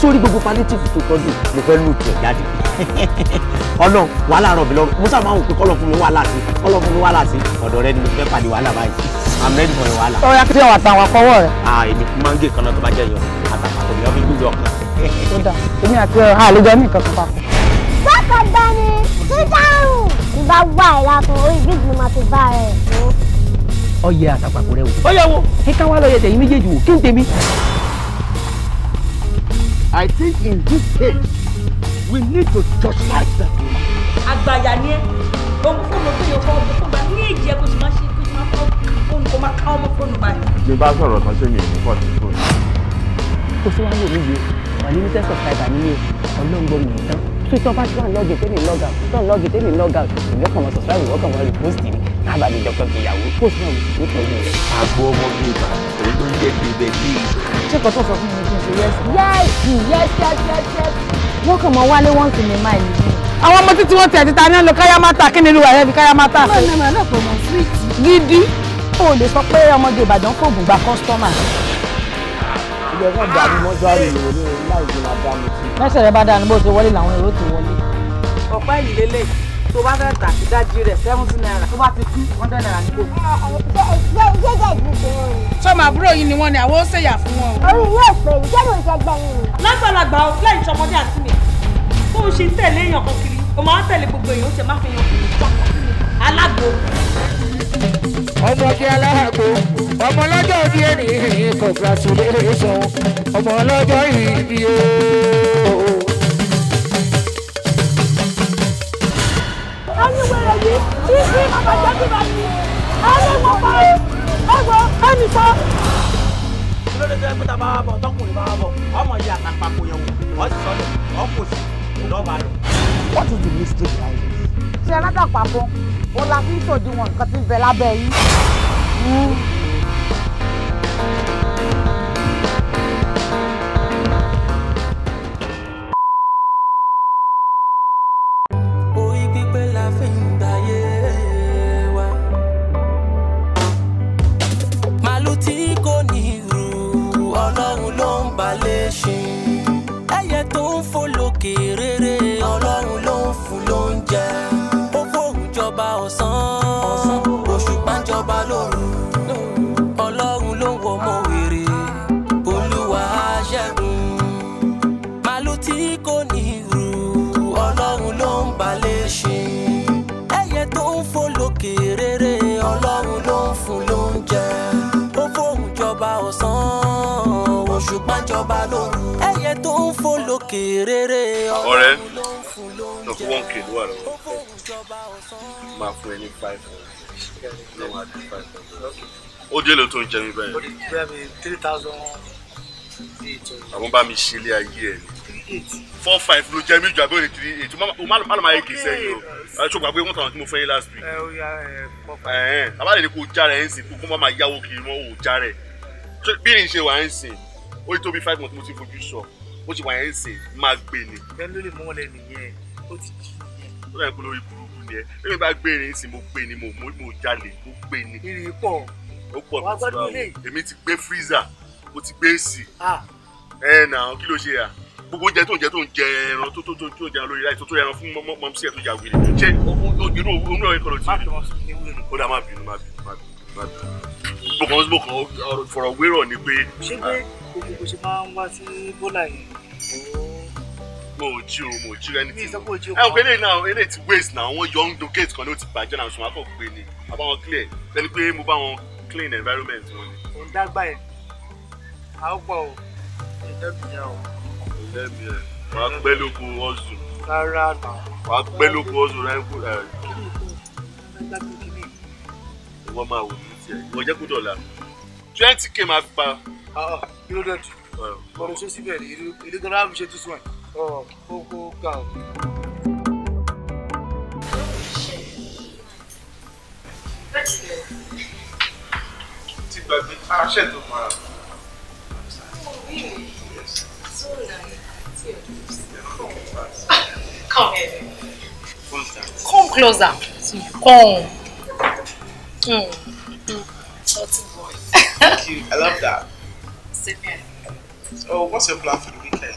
sórí gbogbo p a l i a t i v e tó t ọ ́ j u mo fẹ́ lù tiẹ̀ jáde. ọlọ́run wàhálà rọ̀ mí lọ́rùn mo sábà máa wò pé kọ́lọ̀ fún mi wàhálà sí kọ́lọ̀ fún mi wàhálà sí ọ̀dọ̀ rẹ ni mo fẹ́ pàdé wàhálà báyìí i'm ready for your wàhálà. ó yà kí ṣé wà tàwọn akọwọ rẹ. ah èmi máa ń gé kan náà tó bá jẹ yan àtàkùn mi ọbí gbúdọ̀ kan. ó dà èmi àti ẹ ha àlejò ní nǹkan kan papọ̀. bákan bá ní sítáàrùn tí bá wà ẹ̀ látọ̀ orí bíbí ni màá ti bá rẹ̀ wò. ọyẹ àtàpàpọ̀ rẹ wò. ó yẹ wo ẹ ká wá lọ yẹ tẹ̀yìn méjèèjì wò kí n tèmi. I think in this case we need to justice them. àgbàyà ni ẹ òun fóònù tó yẹ kọ òun fóònù bá ní èjì ẹ kó sì máa ṣe kó sì máa fọ fóònù kó máa ká ọmọ fóònù báyìí. mi bá sọ̀rọ̀ kan ṣé mi ò ní kọ́ sí fóònù. kò sí wàá wò mí yé wà ní tẹ́ sọ̀tàìbà nílé ọlọ́ngbọ̀n mi tán twitter bá ti wà lọ́ọ̀gì tẹ́mi lọ́ọ̀gà tán lọ́ọ̀gì tẹ́mi lọ́ọ̀gà ìwọ́n kàn wọ́n subscribe ìwọ́n kàn wọ́n repost mi tábà ní dr kiyawo kó sí náà wò tó yẹ. àgbo ọmọ bíi bá èyí tó ń jẹ́ bíi bẹ́ẹ̀ bíi. ṣé kò tó sọ fún mi kí n ṣe yẹ́sì yẹ́sì yẹ́sì yẹ́sì yẹ́sì wọ́n kàn mọ́ wálé wọ́n sì ní máa ìlú mi. àwọn ọmọ títí wọn tiẹ̀ ti ta ní ọ̀nà káyámátà kí ni olúwa rẹ fi káyámátà. gidi o lè sọ pé ọmọge ìbàdàn kò gùn gba kọ́sítọ́mà. ilé ẹ̀kọ́ dàbí mọ́ṣúárì ìròyìn láì jẹ́ làdá mi ti. mẹ́sẹ̀ rẹ bá dáa ní bó ṣe wọlé làwọn èrò ti wọlé. ọ̀pá ìlélẹ̀ tó bá fẹ́ tà sí dájú rẹ̀ seventy naira tó bá ti kú hundred naira ní kò. sọmọ àbúrò yìí ni wọn ni àwọn ó ṣèyà fún wọn. orí yóò pè é jẹ́ mi ìṣẹ́gbẹ́ mi. lágbàlagbà o lẹ́yìn tọmọdé àti mi bó ṣe ń tẹ̀lé èèyàn kan kiri o máa ń tẹ̀lé gbogbo èèyàn ó ṣe má fi yan kiri alágbo. ọmọge alágbo ọmọ ọlọ́jọ́ bí ènìyàn congratulation ọmọ ọlọ́jọ́ ìbí o. ayéwèrè yìí tí sí àbájá bí bá mi aláwọ̀ pa ọwọ́ ẹnì kan. kí ló dé tó ẹgbẹ́ tá a bá wà bọ̀ tọkùnrin bá wà bọ̀ ọmọ ìyá àtàpàkò yẹn wò ọ́ sì sọ́dọ̀ ọ́ kò sí lọ́bàárò. What is the mystery behind this? ṣe rádà pàbọ̀ ó la fi ń ṣòdiwọ̀n nǹkan tí ń bẹ lábẹ́ yìí. Hmm. ọ̀rẹ́ lọ fún one kilo wà lọ́wọ́ máa fún ẹ ní five ní wàá di five ó dé ló tó ń jẹ mi báyìí. àwọn bá mi ṣe ilé ayé ẹ four five ló jẹ mí ju àbí three eight o má lọ máa yé kì í sẹ́yìn o ẹ ṣó gbàgbé wọn tàwọn tí mo fẹ́ yín last week. bàbá rẹ̀ ni kò já rẹ̀ ẹ̀ ń sìn kó má máa yáwó kiri mọ́ òòjá rẹ̀ bí n ṣe wà ń sìn ó yí tó bí five months mo ti fojú sọ bó ṣe wà yẹn sè máa gbé ni. bẹ́ẹ̀ ló lè mọ́ ọ̀lẹ́ nìyẹn ó ti jí nìyẹn. ó dàbí pé lórí burúkú ni ẹ bí mi bá gbé irin sí mo gbé ni mo mo jalè mo gbé ni. irin pọ̀ ó pọ̀ bí o èmi ti gbé freezer mo ti gbé èsì. ẹ nà án kí ló ṣe à gbogbo oúnjẹ tó ń jẹ tó ń jẹ ẹran tó tó tó tó jẹ lórí láì tó tó ẹran fún mọmọsí ẹ tó jà wèrè ṣé inú inú ẹ kọlọ ti rí ó dà má bínú má bínú má bínú má bínú. bọ̀kan bọ̀kan ọ̀rọ̀ ìfọ̀rọ̀wérọ̀ ni pé. ṣé pé gbogbo bó ṣe máa ń wá sí bọ́là yìí. mo ò jí o mo ò jí ẹni tí mo ẹ ò pé eléyìí náà eléyìí ti waste náà wọn yọ ń do gate kan ti bàjẹ́ náà sùn akọ̀ pé ni àbá wọn clear lẹ́ni pé mo bá wọn clean environment wọn ni. ò dágbà ẹ̀ a ó gbọ́ o ìdẹ́bìyà o. ìdẹ́bìyà wàá pẹ́ lóko ọ̀sùn. rárá nà. wàá pẹ́ lóko ọ̀sùn rẹ̀ kú ẹ̀. ìwọ máa wò ní tiẹ̀ ìwọ jẹ́ kó dọ̀la twenty k máa gba kí ló dé tù kọ́ni ṣé síbẹ̀ ìlú gan láàbù ṣe túṣu oh, ó kó ga ọ̀. ti gbàgbé aṣẹ́ tó máa. Come here. Come closer. Come. Mm. Mm. Dirty boy. Thank you. I love that. sitting here. Oh, what's your plan for the weekend?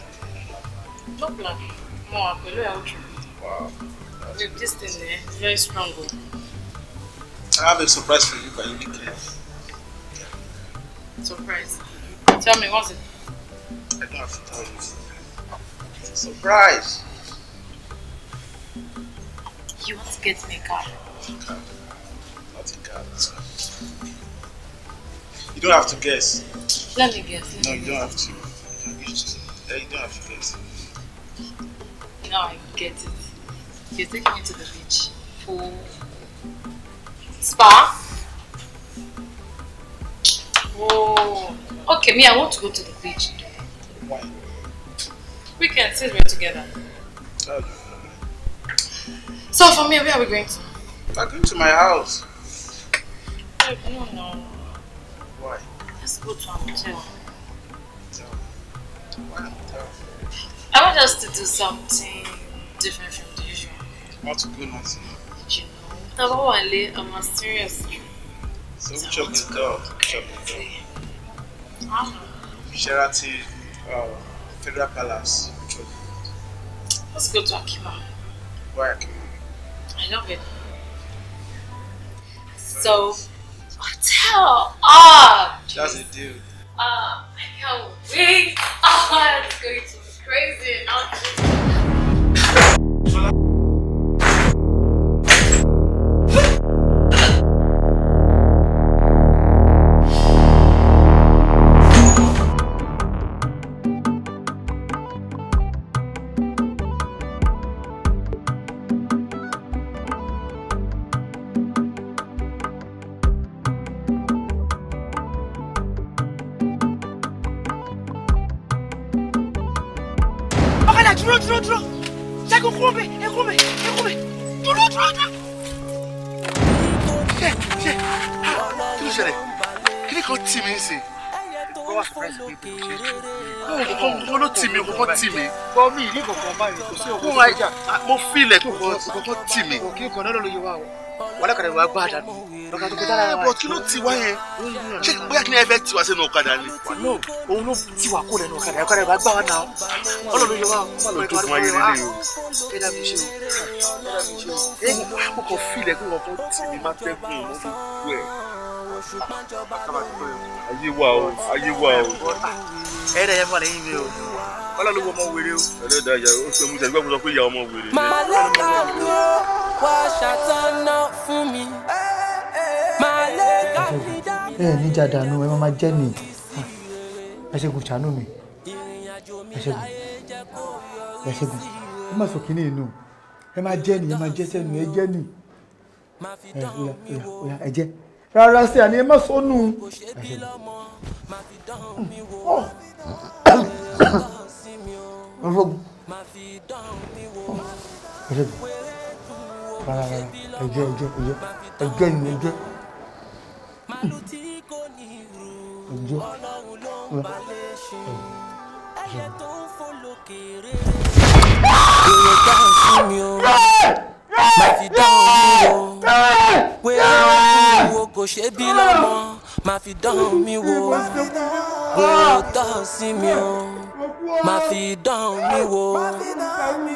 No plan. More, I'm going to Wow. We've just been very strong. Oh. I have a surprise for you by the weekend. Surprise? Tell me, what's it? I don't have to tell you. It's a surprise. You want to get me a car? Not a car. You don't have to guess. Let me guess. Let no, me you, guess. Don't have to. You don't have to guess. Now I get it. You're taking me to the beach for spa. Oh, okay. Me, I want to go to the beach. Why? We can sit here together. Okay. So for me, where are we going to? I'm going to my house. No, no. Let's go to our hotel. I want us to do something different from the usual. What to go not You know, I live a mysterious trip. So, so chop it down. Chop it down. Huh? Sheraton uh, um, Federal Palace. which Let's go to Akima. Why Akima? I love it. So, hotel up. Ah! Jeez. That's a dude. Um, I can't wait. Oh, it's going to be crazy. Not just. ọ̀rọ̀ mi ìlú kankan báyìí kò sí òkú. mo fi ilẹ̀ tó kọ́kọ́ tì mí. kí nǹkan náà ló yẹ o wàlẹ́ kàdé wàá gbá àdánù. lọ́kàn kí ló ti wá yẹn ṣé bóyá kí ni ẹ fẹ́ tiwa sínú ọ̀kadà ni. no òun ló tiwa kó lẹ́nu ọ̀kadà ọ̀kadà ìwà gbá wa nà ó. ọlọ́run yẹ wá o. ọlọ́run tó fún ayé nílé o. ẹ dàbí ṣe o ẹ dàbí ṣe o. mo kàn fi ilẹ̀ tó kọ́kọ́ ayé wa o ayé wa o. ẹ dẹ̀ yẹ fún mi o kọ́lọ́ ló wọ ọmọ wèrè o. ẹ̀rọ ìdájà ó ṣe mú sẹ́gbẹ́ sọ pé ìyá ọmọ wèrè. màá lè kà wá ṣàtọ́nà fún mi. màá lè kà mí ẹ ní jàdánù ẹ máa jẹ́ nì ẹ ṣègùn ṣàánú mi ẹ ṣègùn ẹ ṣègùn ẹ má sọ kínní inú ẹ má jẹ́ nì ẹ má jẹ́ sẹ́nu ẹ jẹ́ nì ẹ oya ẹ jẹ́ rárá sí àní ẹ má sọ nù. ológun ológun rárá rárá ẹjẹ ẹjẹ ẹjẹ ẹjẹ ni ẹjẹ ẹjẹ kò ṣe bí lọ́mọ máa fi dán mi wò kò tọ́ sí mi o má fi dán mi wò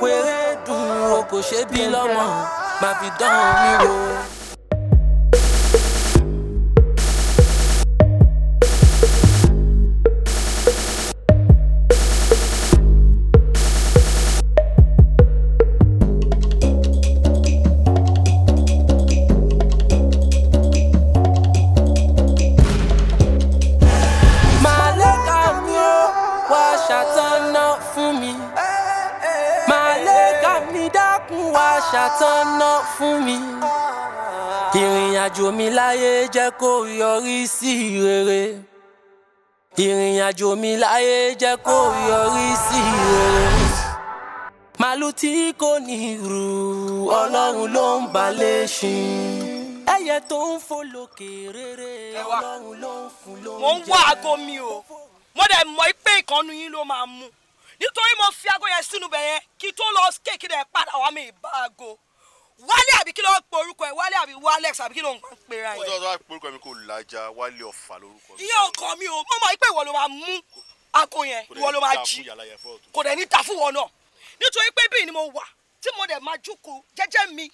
wéré dùn o kò ṣe bí lọ́mọ má fi dán mi wò. àjò mi láyé jẹ́ kó yọrí sí rere. Ìrìn àjò mi láyé jẹ́ kó yọrí sí rere. Màlúù tí kò ní rù ọlọ́run ló ń bà léṣin. Ẹyẹ tó ń fò lókè rere ọlọ́run ló ń fún lóúnjẹ. Mo ń wá aago mi o, mo dẹ̀ mọ̀ pé ìkànnì yín ló máa mú nítorí mo fi aago yẹn sínú bẹ̀yẹn kí tó lọ kéèkì rẹ̀ padà wá mi ìbá aago wálé àbí kí ló ń pe orúkọ ẹ wálé àbí walex àbí kí ló ń pera ẹ. ó sọ wá pé orúkọ mi kò lájà wálé ọ̀fà lórúkọ mi. iye ọkọ mi o mo mọ pé ìwọ ló máa mú aago yẹn ìwọ ló máa jí kò dẹ̀ ní ta fún wọn náà nítorí pé bí ni mo wà tí mo dẹ̀ máa jókòó jẹ́jẹ́ mi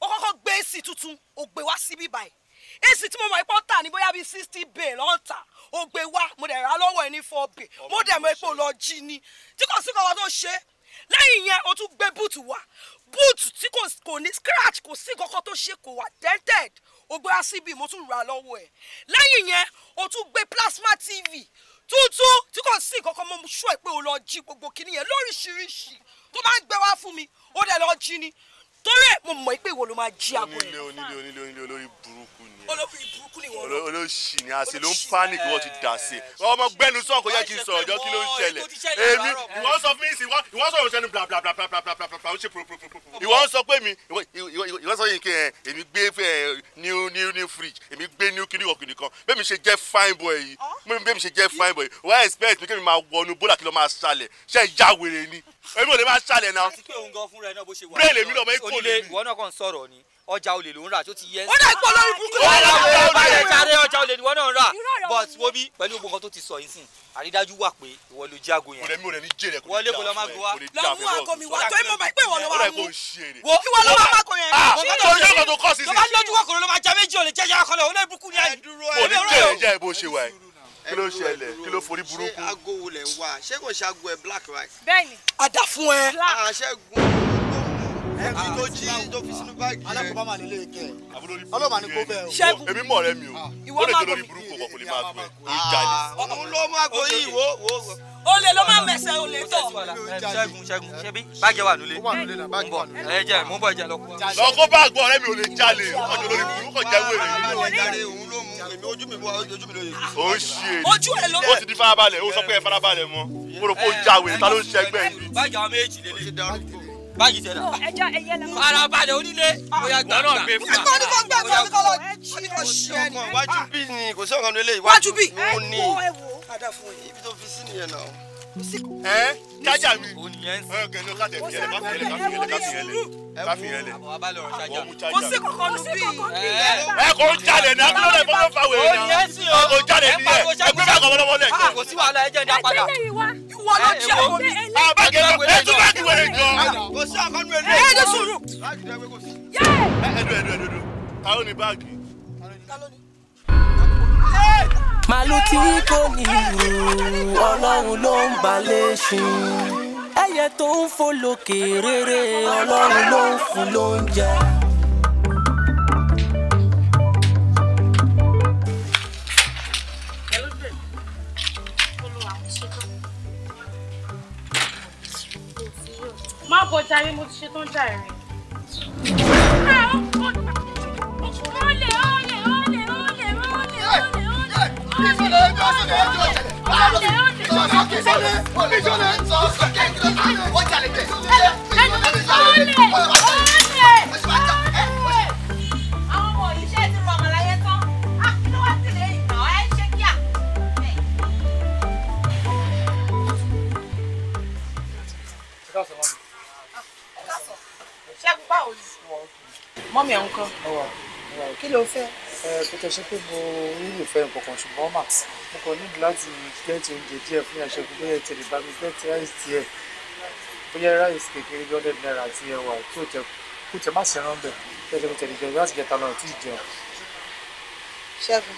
ó kọ́kọ́ gbé èsì tuntun ó gbé wá síbí báyìí èsì tí mo mọ̀ ipò tà ní bóyá bíi sixty bay lọ́n tà ó gbé wá mo dẹ̀ ra lọ́wọ́ ẹ four bay mo dẹ̀ mọ̀ ipò lọ jí ni tí kò sí kọ́kọ́ tó ṣe lẹ́yìn yẹn o tún gbé búùtù wá boot tí kò ní scratch kò sí kankan tó ṣe kò wà dented o gbé wá síbi mo tún rà lọ́wọ́ ẹ̀ lẹ́yìn yẹn o tún gbé plasma tv tuntun tí kò sí kankan mo sọ ẹ pé o lọ jí gbogbo kinní yẹn lóríṣiríṣi tó máa ń gbé wá fún mi ó dẹ̀ lọ jí ni torí ẹ mo mọ̀ pé ìwọ ló máa jí aago yẹn. onílé onílé onílé olórí burúkú ni ẹ olórí burúkú ni ìwọ lọ. olóṣì ni àṣì ló ń panic wọ́n ti dà sí i ọmọ gbẹ́nu sọ̀rọ̀ kò yẹ kí n sọ̀rọ̀ ọjọ́ kí ló ń ṣẹlẹ̀ èmi ìwọ sọ fún mi sí ìwọ sọ̀rọ̀ sẹ́nu bla bla bla bla bla bla bla ó ṣe pòròpòròpò ìwọ sọ pé mi ìwọ sọ yìí kí ẹ eh, èmi gbé eh, new new new fridge èmi gbé new kiri ọkùnrin kan bẹ́ẹ̀ mi ṣe jẹ́ fine boy yìí bẹ́ẹ̀ mi ṣe jẹ́ fine boy wọ́n expect mi kí mi máa wọnú bólà kí ló máa ṣàlẹ̀ ṣe ìyá wèrè ni èmi ò lè máa ṣàlẹ̀ náà. àti pé òun gan fúnra ẹ náà bó ṣe wà. bẹ́ẹ̀ lèmi lọ́mọ ikú lè. ìwọ náà kàn sọ̀rọ̀ ni ọjà olè ló ń rà tó ti yẹ. ó dà ipò lórí kúkú. ó dà ipò balẹ̀ jáde ọjà olè ni wọ́n náà ń rà. but wo bí pẹ̀lú gbogbo nǹkan tó ti sọ yìí sìn àrídájú wà pé ìwọ ló jí àgò yẹn. kò lè mú rẹ kò lè dáa fún ẹ. lọ́wọ́ àgọ́ mi wá tó ìmọ̀ mú. wo ìwọ ló ah, tó kọ́ sí sí. tó bá lójú ló máa já méjì ò kò ní ṣe wà kí ló ṣẹlẹ̀ kí ló forí burúkú. ṣé aago wo lẹ̀ ṣé kò ṣe aago ẹ black right. bẹ́ẹ̀ni. a dà fún ẹ. black. àṣẹ ah, gun ẹbí tó jí tó fi báàgì yẹn alákòóbá mà nílé kẹ ọlọ́mà ni kò bẹ́ẹ̀ o. ṣẹ́gun èmi mọ̀ rẹ mi o ah. ó lè jẹ́ lórí burúkú ọkọ̀ kò lè máa gbẹ ó jalè. Ah. òun ló máa gbọ yìí wo wo. olè ló máa mẹsẹ̀ olè tọ̀. ṣẹ́gun ṣẹ́gun ṣẹ́bí báàgì wà nílé. ó wà ẹ jẹ́ mú bọ̀ jẹ́ lọ. lọ́kọ́ báàgì ọ̀rẹ́ mi ò lè jalè ọjọ́ lórí burúkú ọjà ojú ẹ ló bẹ. ó ti di farabalẹ̀ ló ń ṣẹgbẹ́ yìí. báyìí àwọn méjì báyìí tẹ̀lé. ẹja ẹyẹ lẹ ara balẹ̀ onílé. bóyá gbà náà gbé fún wa. ẹgbẹ́ oníkọ́ gbẹ́ ẹgbẹ́ oníkọ́ lọ. oníkọ́ sí ọkàn wájú bí ni kò sí ọkàn lélẹ̀ iwájú wájú bí. mo ní ibi tó fi sí nìyẹn náà ẹ jájà mi gẹ̀ẹ́nù ká tẹ̀ fìyẹ́lẹ̀ ká fìyẹ́lẹ̀ ká fìyẹ́lẹ̀ ká fìyẹ́lẹ̀ wọ́n mú jájà. kò sí kọ̀kọ́ nù bí. ẹ kò ń jalè náà kí ló lè fọwọ́ fa wèrè náà ẹ kò ń jalè ní ẹ ẹ gbé bàgọ́ lọ́wọ́ lẹ̀ jọ. kò sí wàhálà ẹ jẹ́ ní apàdà. ìwọ ló jẹ́ ọkọ mi. àbá kẹfọ ẹ tún bá ti wèrè jọ. kò sí ọkọ nù ẹ ní sùúrù. ẹ ẹ dùn ẹ dùn ẹ dùn ta ló ní báàgì. màlúù tí kò níyì ọlọ́run ló ń balẹ̀ ṣin ẹyẹ tó ń fò lókè rere ọlọ́run ló ń fún lóúnjẹ. má bọ̀ jàre mo ti ṣetán jàre. mọ́mí ẹ̀ ń kọ́ kí ló fẹ́ kò tẹ̀ ṣe pé mo nífẹ̀ẹ́ nǹkan ṣùgbọ́n mà mo kàn nílò láti gẹ́ẹ̀tì oúnjẹ díẹ̀ fún ìyàṣẹ́gun bóyá tẹ̀lé bá mi gẹ́ẹ̀tì ráìsì díẹ̀ bóyá ráìsì kékeré bí ọ̀dẹ̀ náírà àti ẹ̀wà tó tẹ kó tẹ má ṣe rán bẹ̀ tẹ̀lé tẹ̀lé jẹun láti jẹta lọ́rùn tí ì jẹun. ṣẹ́gun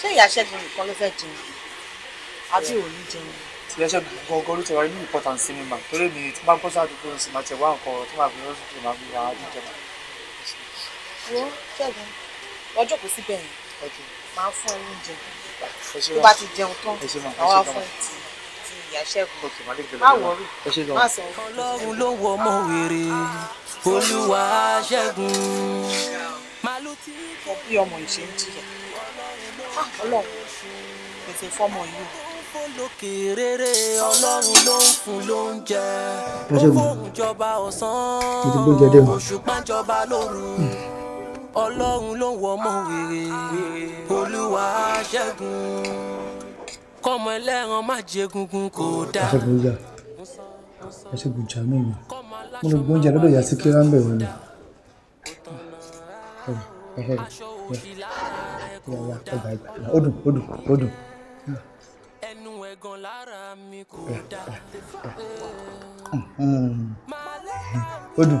ṣé ìyá ṣẹ́gun nìkan ló fẹ́ jẹun àbí òun ní jẹun ti ẹsẹ gbọngàn ló ti wà nínú important cinema torí mi tí máa gbọ́ sáàdúgbò ní sinimá tẹ̀ wá nǹkan tí màá fi lọ́sùn tó máa fi ra àdúgbò náà. wo ṣẹ́gun wọ́n jókòó síbẹ̀ yẹn máa fún ẹ oúnjẹ tó bá ti jẹun tán àwa fún ẹ ti ti ìyá ṣẹ́gun má wọ̀rì má sọ. ọlọ́run ló wọ ọmọ wèrè olúwa ṣẹ́gun. mo bí ọmọ ìṣe ń jìyà ah, ọlọ́run pèsè fọ́mọ yìí lókèrèrè ọlọ́run ló ń fún lóúnjẹ ó fóun jọba ọ̀sán òṣùpá jọba lóru. Hmm ọlọ́run ló ń wọ ọmọ wèrè olúwa ṣẹ́gun kọ́mọ ẹlẹ́ran má jẹ egungun kò dáa. ẹ ṣe gbèjà mí mi mo lọ gbóúnjẹ lọ́dọ̀ ìyá sí kíra ń bẹ̀rẹ̀ ni ó dùn ó dùn ó dùn. ẹnu ẹ̀gàn lára mi kò dáa. ó dùn.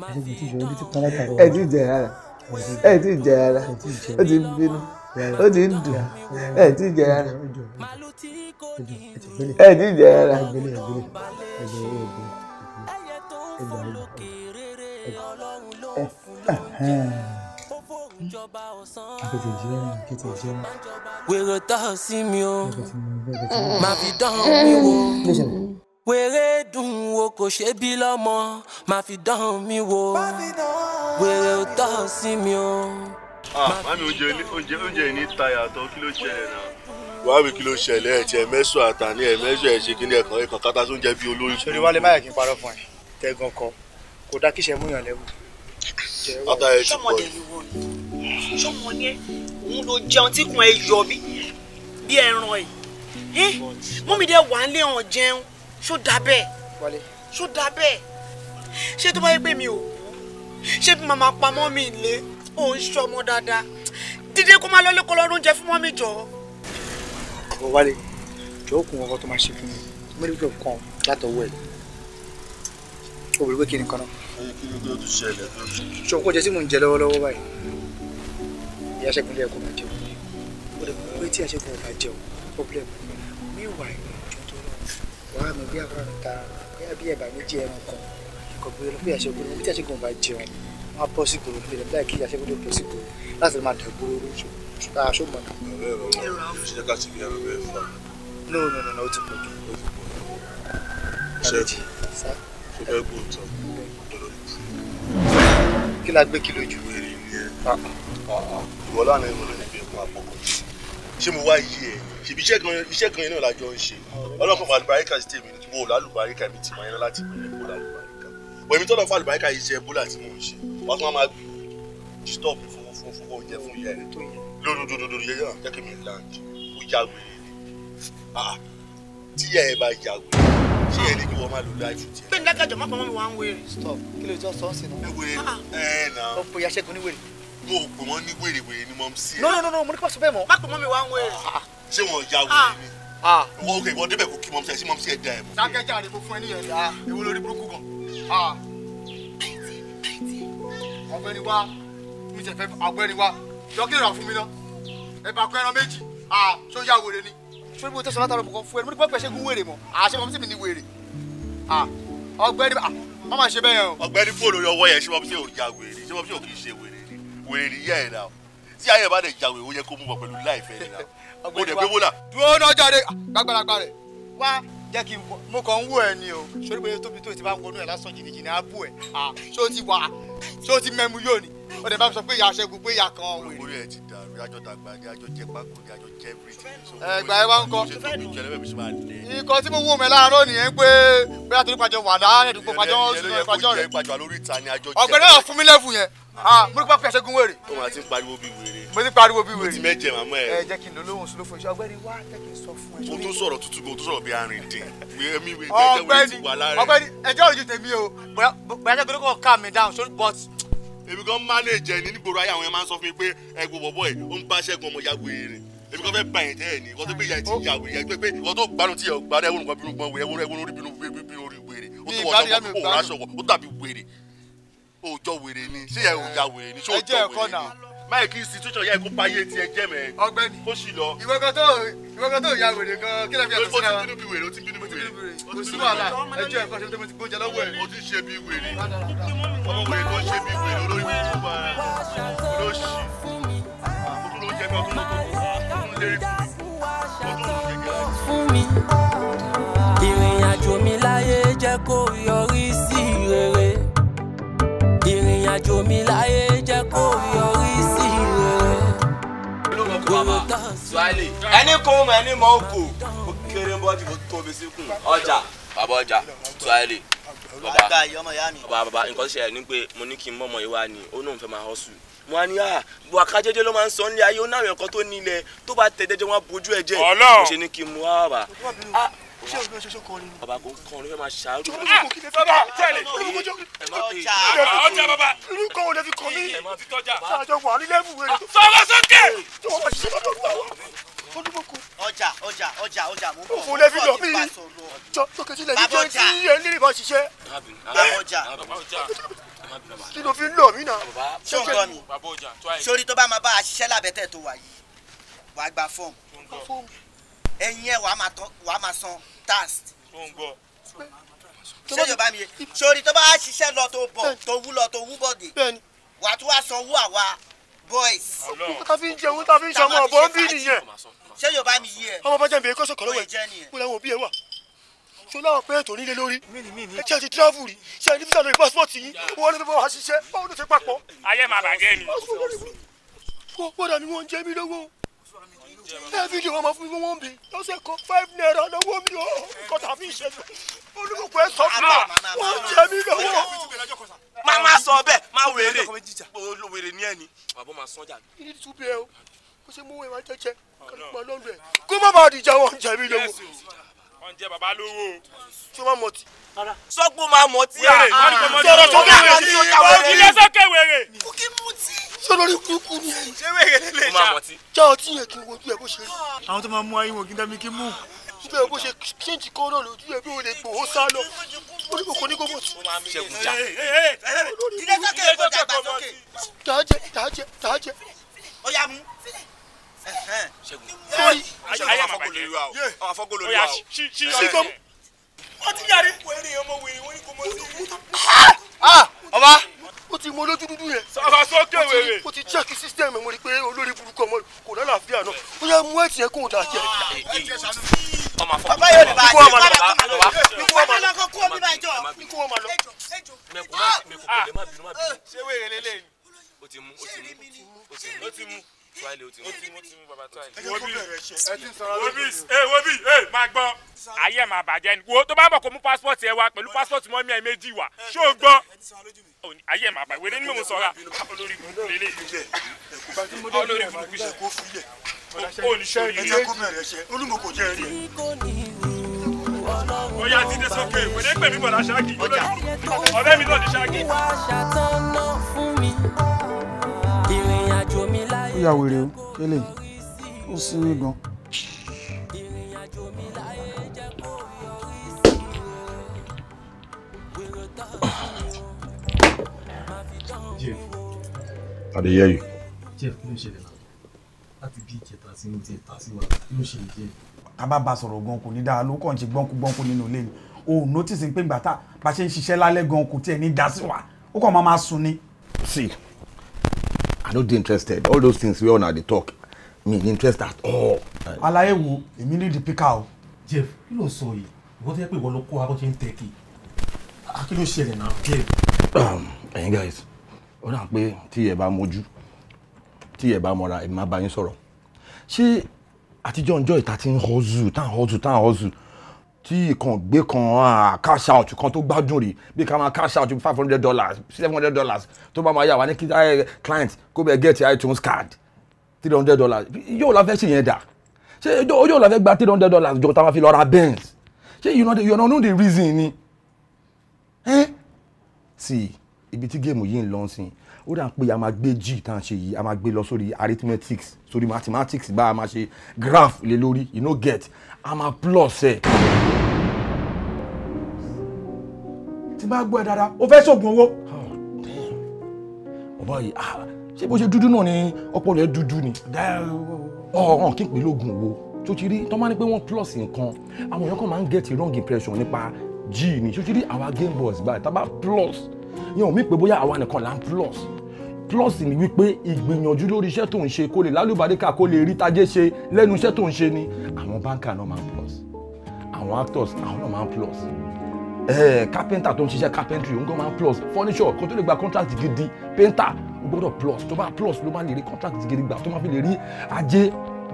ẹ ti jẹ ara ẹ ti jẹ ara ó ti ń bínú ó ti ń dùn ẹ ti jẹ ara ẹ ti jẹ ara wèrè tá sí mi o máa fi dán mi wò wèrè dùn wo kò ṣe bí lọ́mọ má fi dán mi wò wèrè ò tọ́ sí mi o. Ah, mami oúnjẹ oúnjẹ oúnjẹ yìí ní tayà tó kí ló ṣẹlẹ̀ náà. wàá mi kí ló ṣẹlẹ̀ ẹ̀ tí ẹ mẹ́sọ̀ àtàní ẹ mẹ́sọ̀ ẹ̀ ṣe kíní ẹ̀kan ẹ̀kan kátà tó ń jẹ́ bí olóyún. sori wálé máyà kí n parọ́ ẹ tẹ́gàn kọ kò dá kíṣẹ́ múyàn lẹ́wọ̀. bàtà ẹ ti pọ̀ jù. sọmọ ni ẹ òun ló jẹun tí kùn ẹ yọ bí ẹran wà á lé ọ̀ jẹun ṣó da bẹ́ẹ̀ ṣó da bẹ́ẹ̀ ṣé tó bá yẹ pé mi ò kú ṣé bí màmá pamọ́ mi lé ò ń ṣọmọ dáadáa dídé kó má lọ́lé kó lọ́rùn jẹ fún mọ́ mi jọ. ọ̀rọ̀ wálé jọ̀ọ́ kún ọkọ tó máa ṣe fún mi mílíọ̀nù tó kàn látọwọ́ ẹ̀ obìnrin pé kí ni kan náà. kí ló o tún ṣẹlẹ̀ tó. ṣòkò jẹ tí mò ń jẹ lọ́wọ́lọ́wọ́ báyìí ìyá ṣẹ́gun lé ẹ̀kọ́ máa jẹun ó lè pé tí àṣẹ́gun ọ̀gá jẹun problem mi wà ní wàá mi bí àkọ́kọ́ ta bí ẹ̀bà méjì ẹran kan kò gbé lọ́pẹ́ àṣẹgbọ́n bí àṣẹgbọ́n bá jẹun wọn á bọ́ sí gbòòrò lórí ẹ̀dá kí àṣẹgbọ́n tó bọ́ sí gbòòrò láti máa dẹ̀ gbòòrò ṣùgbọ́n aṣọ mọ̀ náà. ọ̀rẹ́ rẹ̀ wọ́n ṣe ká ti fi ẹran bẹ́ẹ̀ fún wa. no no no no ó ti pọ̀ jù. ó ti pọ̀ jù. ṣe ṣe fẹ́ gbóhùn tán kí la gbé kí lójú. ìwọ lánàá ìrọ̀lẹ́ ni bí ẹ máa bọ̀ ṣé mo wá yí ẹ ṣèbí iṣẹ́ kan iṣẹ́ kan yẹn náà lájọ ń ṣe ọlọ́pàá fún àlùbáríkà sí tèmi wo lálùbáríkà mi ti mọ yẹn láti bẹ̀rẹ̀ wo lálùbáríkà bọ̀ èmi tọ́lọ̀ fún àlùbáríkà yìí ṣe bólà tí mò ń ṣe wọ́n tún máa gbé stop fún fún fún oúnjẹ fún ìyá rẹ̀ lódodododo yẹn náà jẹ́ kí mi land ó jágbe ah, tí ìyá ẹ bá jágbe ṣé ẹni kí wọ́n máa lò láìpù tiẹ̀. pé nígbàgbọ́ má pamọ́ mi wá ń wèrè. stop kí ló ṣé wọn ya wèrè ni ah. ah. wọ́n ok wọ́n débẹ̀ kò kí mọ́mísẹ́ sí mọ́mísẹ́ dá ẹ̀ mọ́. sákẹ́jà rẹ mo fún ẹ níyẹn ni ewu lórí burúkú gan. Ah. ọ̀gbẹ́ni wa mi ṣe fẹ́ ọ̀gbẹ́ni wa dọ́kítà fún mi náà ẹ bá kọ ẹran méjì ṣó ya wèrè ni. sori mo tẹsán látara bùkún fún ẹ mo ní pẹ́ pẹ́sẹ́ gún wèrè mọ́ àṣẹ mọ́mísẹ́ mi ni wèrè ọ̀gbẹ́ni má má ṣe bẹ́ẹ̀ o. ọ̀gbẹ́ni fóònù ọwọ́ yẹn ṣé mọ́mísẹ́ ò ya wèrè ṣé mọ́mísẹ́ ò kì í ṣe wèrè ni wèrè ni yẹ́ ẹ̀ náà tí ayé bá dẹ̀ ja wèrè ó yẹ kó mú wọn pẹ̀lú láìfẹ́ ni o dẹ̀ gbé wúlà. dúró náà jáde gbàgbàlagbà rẹ̀ wá jẹ́ kí n bọ̀ mo kàn ń wò ẹ ni o sori pé tóbi tó ti bá ń wọnú ẹ lásán jìnnìjìnnì á ẹ ṣé o ti wà ṣé o ti mẹ́mu yóò ni o dẹ̀ bá mi sọ pé ìyá aṣẹ́gun pé ìyá kan òwe àjọ dàgbà ni àjọ jẹ pákó ni àjọ jẹ everything. ẹgbà ẹ wá ń kọ ikọ̀ tí mo wù mí láàárọ̀ nìyẹn pé bóyá torí pàjọ wàdá ẹ̀dùnkọ̀ pàjọ pàjọ rẹ̀ ọ̀gbẹ́ni náà fún mi lẹ́fù yẹn mo ní pa fẹsẹ̀ gun wèrè. o ma ti pariwo bí wèrè. mo ti pariwo bí wèrè. o ti mẹ jẹ màmá ẹ. ẹ jẹ́ kí n lọ lóhùn sóló fún iṣẹ́ ọ̀gbẹ́ni wá jẹ́ kí n sọ fún ẹ. o tún sọ̀rọ̀ tútù o tún sọ̀rọ̀ bí arìn dín. ọ̀gbẹ́ni ọ̀gbẹ́ni ẹjọ́ òrìjì tèmi o bóyá jẹ́ kí n kọ́ calm me down but èmi kan manage ẹni nígboro ayé àwọn yẹn máa ń sọ fún mi pé ẹgbẹ́ bọ̀bọ̀ ẹ̀ ó ń bá ṣẹ́gun ọmọ ìyá wèrè èmi kan fẹ́ ba ẹ̀jẹ̀ ẹ̀ ní ìwọ́n tó gbé ìyá ẹ̀ ti ìwọ́n tó gbádùn tí ọ̀gbádùn ẹ̀wọ̀n kan bínú gbọ́n wèrè ẹ̀wọ̀n orí bínú bínú orí wèrè ó tó wọ̀ ọ́ ó dàbí wèrè òòjọ́ wèrè ni ṣé ìyá òòjà ni ṣé òòjọ́ wèrè máyì kí situation yá ikú báyé tiẹ̀ jẹ́ mẹ́. ọ̀gbẹ́ni kó sì lọ. ìwọ́kọ̀ tó ìwọ́kọ̀ tó ìyá wèrè gan kí lè fi àtúnṣe náà. o ti bínú bí wèrè o ti bínú bí wèrè. kò sí wàhálà ẹjọ́ ẹ̀kọ́ ṣe tó mo ti gbóúnjẹ lọ́wọ́ ẹ̀. o ti ṣe bí wèrè ọmọ wèrè tó ń ṣe bí wèrè olórí mi wà olóṣì ọdún ló jẹ mi ọdún ló tó ọdún lérí fún mi. ìrìn àjò mi láyé jẹ́ kó yọrí sí rere ìrìn àjò mi láyé ẹni kò mọ ẹni mọ òkò ó kéré bọ́dì ó tóbi síkùn ọjà bàbá ọjà tuwálé bàbá bàbá bàbá nǹkan ṣe ẹ̀ pé mo ní kí n mọ̀mọ́ ìwà ni ó náà fẹ́ máa họ́sù mo á ní ah, à wàká jẹjẹ ló máa ń sọ nílé ayé ó náà ẹ̀kọ́ tó nílẹ̀ tó bá tẹ̀ jẹjẹ wọn bójú ẹ̀ jẹ́ mo ṣe ní kí n mú wá bàbá baba ah, ko kọrin fẹ ma ṣaaru. baba tẹle ọjà baba. irú kan wo lè fi kọ mí. sàjọ wà nílẹ̀ ìbúwé. sọ̀rọ̀ sókè olúmọ̀kọ. ọjà ọjà ọjà ọjà mo bọ̀ mo lè fi lọ mí jọ tókè sílẹ̀ ní jẹ́ tí ẹni bá ṣiṣẹ́. babọjà kí ló fi ń lọ mí náà. ṣé o gbọ́ mi sórí tó bá máa bá a ṣiṣẹ́ lábẹ́tẹ̀ tó wà yìí wàá gba fọ́ọ̀mù ẹ̀yin ẹ̀ wàá máa san tax. ṣé yorùbá mi yé sórí tó bá ṣiṣẹ́ lọ tó bọ̀ tó wú lọ tó wú bọ̀ dé wàá tún wá sanwó àwa boys. ta fi ń jẹun ta fi ń sọmọ ọ̀bọ ń bí nìyẹn. ṣé yóò bá mi yí ẹ. ọmọ bájá mi bẹ kọ́sọ̀ kọ́lọ́wẹ̀ mo làwọn òbí ẹ wà so láwọn pé ètò nílé lórí ẹ jẹ́ ti tíráfù rí ṣe ní físà lórí pásítọ̀tì yìí owó ló fi bọ́ wa ṣiṣẹ́ báwo ló ṣe papọ̀. ayé máa bàjẹ́ ni. wọ́n gbọ́dọ̀ ni wọ́n ń jẹ mí ẹ fi kí wọn máa fún mi wọn bí lọ́sẹ̀ kan five naira lọ́wọ́ mi o kọ́ tàbí ìṣẹ̀lẹ̀ olùkókò ẹ sọ fún wa wọn jẹ mí lọ́wọ́. má má sọ bẹ́ẹ̀ má wèrè wèrè ní ẹni. bàbá máa sọ́jà. ní ìtúbẹ̀ o kó ṣe mú ìwà jẹjẹ kó má bàa dìjà wọn jẹ mí lọ́wọ́ wọ́n jẹ́ baba lówó. tí wọ́n mọ̀ tí. sọ́gbó máa mọ̀ tí. wèrè ah, sọ̀rọ̀ tó kẹ́ wèrè tí yóò wèrè. ilé sọ́kẹ́ wèrè. kò kí mú tí. sọ̀rọ̀ rí kúkú ni. ṣé wèrè lè jà. já ọtí yẹn kí n wojú ẹ bó ṣe rí. àwọn tó máa mú ayé wọn kí n dá mi kí mú bẹ́ẹ̀ bó ṣe kíntì kan náà lójú ẹ bí o lè gbòó sá lọ orí kòkó ní gbogbo tù. ṣẹ́gun jà. ilé sọ́kẹ́ ìfọ̀jà gbàdókè. tàájẹ tàájẹ tàájẹ. ó yá mú sori ayé afọkolo yi wa o afọkolo o si si yọ ni. wọ́n ti yàrá ìpò ẹni yẹn mọ kò mọ sí. ọba ó ti mọ lójú dúdú yẹn. sọ̀rọ̀ sókè wèrè. ó ti check system mo rí pé olórí ọmọ kò lálàáfíà náà ó yẹ mú ẹ̀tì yẹn kó o dà ọmọ afọ bàbá yóò lè bá a jẹ bàbá kó ma lọ kó ma lọ kó kó mi bá jọ kó ma lọ. mẹkùn mẹkùn lè má bínú má bínú. ṣé wèrè lélẹ́yìn. ó ti mú ó ti mú ó tíwáìlì ó ti mú tímú tímú bàbá tíwáìlì. wobis ee wobi ee máa gbọ́. ayé máa bàjẹ́ ni wo tó bá bọ̀ kó mú pásítọ̀tì ẹ wá pẹ̀lú pásítọ̀tì mọ́ mi ẹ̀ méjì wá ṣé o gbọ́. ayé máa bàjẹ́ wẹ́rẹ́ ní mò ń sọ̀rọ̀ olórí burúkú lélẹ̀ olórí burúkú ṣe kó fún ilẹ̀ ó ní sọ yìí. ẹ jẹ́ kó bẹ̀rẹ̀ ṣe olúmọ kò jẹ́ rí ó yá ti dé sókè ìwé ní pèmí bọ̀dá ṣáàkì ọ̀rẹ́ mi náà ní ṣáàkì. ya wèrè o kélé ó sí mi gan. Jeff. I dey hear you. Jeff kí ló ṣẹlẹ̀ náà? Láti bí ìjẹta sí ní ti ìta sí wa, kí ló ṣẹlẹ̀ Jeff? Tá bá ba sọ̀rọ̀ gan kò ní dáa ló kàn ṣe gbọ́nkú gbọ́nkú nínú ilé ni. O ò nọ́tìsì pé ìgbà bá ṣe ń ṣiṣẹ́ lálẹ́ gan kò tiẹ̀ ní dá sí wa. Ó kàn máa ma sùn ni. See i no dey interested all those things wey una dey talk me interest at all. alaye wo èmi ní di pika o. jeff kí ló ń sọ yìí ìwọ tó yẹ pé ìwọ ló kó arọ ṣe ń tẹ kí ah, kí ló ṣẹlẹ̀ náà jeff. Um, ẹ̀yin guys ó dà pé tí ẹ bá mojú tí ẹ bá mọra ẹ má bá yín sọ̀rọ̀ ṣé àtijọ́ ọjọ́ ìta ti ń họ́ zoo tá ń họ́ zoo tá ń họ́ zoo tí ìkan gbé kan cash out kan tó gbádùn rè bí ká máa cash out five hundred dollars seven hundred dollars tó bá máa yà wá ní kí eh, client kó bẹ get iTunes card three hundred dollars yóò la fẹ́ ṣe yẹn dà ṣé yóò la fẹ́ gba three hundred dollars jọ tá a máa fi lọ ra Benz ṣé you know the you know the reason ni ẹ́ eh? sì ibi tí géèmù yìí ń lọ sí ó dà ń pé a máa gbé g tá à ṣe yìí a máa gbé lọ sórí arithmetic sórí mathematics bá a máa ṣe graph lé lórí you no get I'm applaud sẹ. tí bá dada. Over so o fẹ́ sọ̀gùn owó. Oh, ọba yìí ah, ṣé bó ṣe do náà ni ọpọlọ ẹ dúdú ni. ọ̀hún kí n pè lóògùn owó tó ti rí tó máa ní pé wọ́n plus nǹkan àwọn èèyàn kan máa ń get the wrong impression nípa g ni tó ti rí game boys but about a bá plus yẹn ò mí pé bóyá àwa nìkan là ń plus plus ni wípé ìgbìyànjú lórí iṣẹ́ tó ń ṣe kó lè lálùbáríkà kó lè rí tajé ṣe lẹ́nu iṣẹ́ tó ń ṣe ni àwọn báńkà náà máa ń plus àwọn actors àwọn náà máa ń plus carpenter tó ń ṣiṣẹ́ carpentry òun gan máa ń plus furniture kó tó lè gba contract gidi painter gbọ́dọ̀ plus tó bá plus ló máa lè rí contract gidi gbà tó máa fi lè rí ajé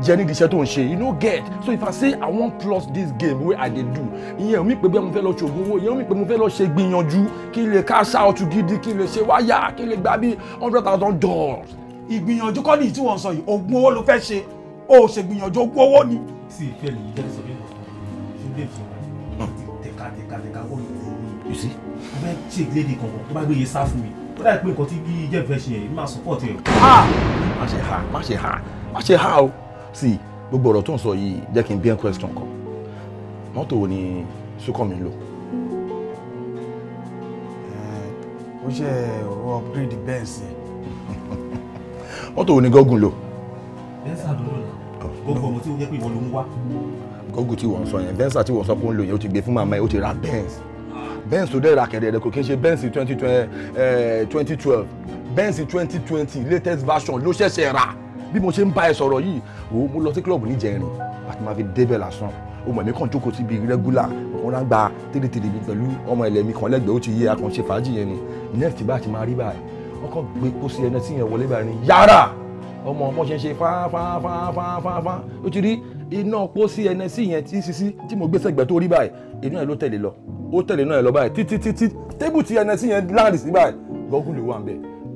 jẹ nídìí iṣẹ́ tó ń ṣe you no get so if i say i wan plus this game wey i dey do ìyẹn mi pé bí mo fẹ́ lọ ṣògùn owó ìyẹn mi pé mo fẹ́ lọ ṣe gbìyànjú kí n lè cash out gidi kí n lè ṣe wáyà kí n lè gba bí hundred thousand dollars. ìgbìyànjú kọ́ nìyí tí wọ́n sọ yìí oògùn owó ló fẹ́ ṣe o ò ṣègbìyànjú oògùn owó ni. sí ìfẹ́ lè yí jẹ́ sọ bí mo ṣe ń bẹ̀ ah! má ṣe ha má ṣe ha má ṣe ha o see gbogbo ọ̀rọ̀ tó ń sọ yìí jẹ́ kí n bí ẹ́ question kan mọ́tò wo ni Sunkànmí ń lò. ó ṣe ó upgrade Benz. mọ́tò wo ni gọ́gùn lò. bẹ́ńsà ló lò náà oh. gbogbo ọmọ tí ó yẹ pé ìwọ ló ń wá. gọ́gùn tí wọ́n sọ yẹn bẹ́ńsà tí wọ́n sọ pé ó ń lò yẹn ó ti gbé fún màmá ẹ̀ ó ti ra Benz Benz tó dẹ́ ra kẹ̀dẹ̀ẹ̀dẹ̀ kò kí n ṣe Benz eh, twenty twelve Benz twenty twenty latest version ló ṣẹ̀ṣẹ̀ rà bí mo ṣe ń bá ẹ sọ̀rọ̀ yìí o mo lọ sí club níjẹrin àti máa fi débẹ̀ lásán o mọ̀ mí kàn jókòó síbi rẹ́gúlà òun rà gba tèrètèrè mi pẹ̀lú ọmọ ẹlẹ́mi kan lẹ́gbẹ̀ẹ́ ó ti yé akànṣe fàájì yẹn ni next bá ti máa rí báyìí wọ́n kàn gbé pósí ẹni tí yẹn wọlé báyìí ni yàrá ọmọ ọmọ ṣe ń ṣe fáfáfáfáfá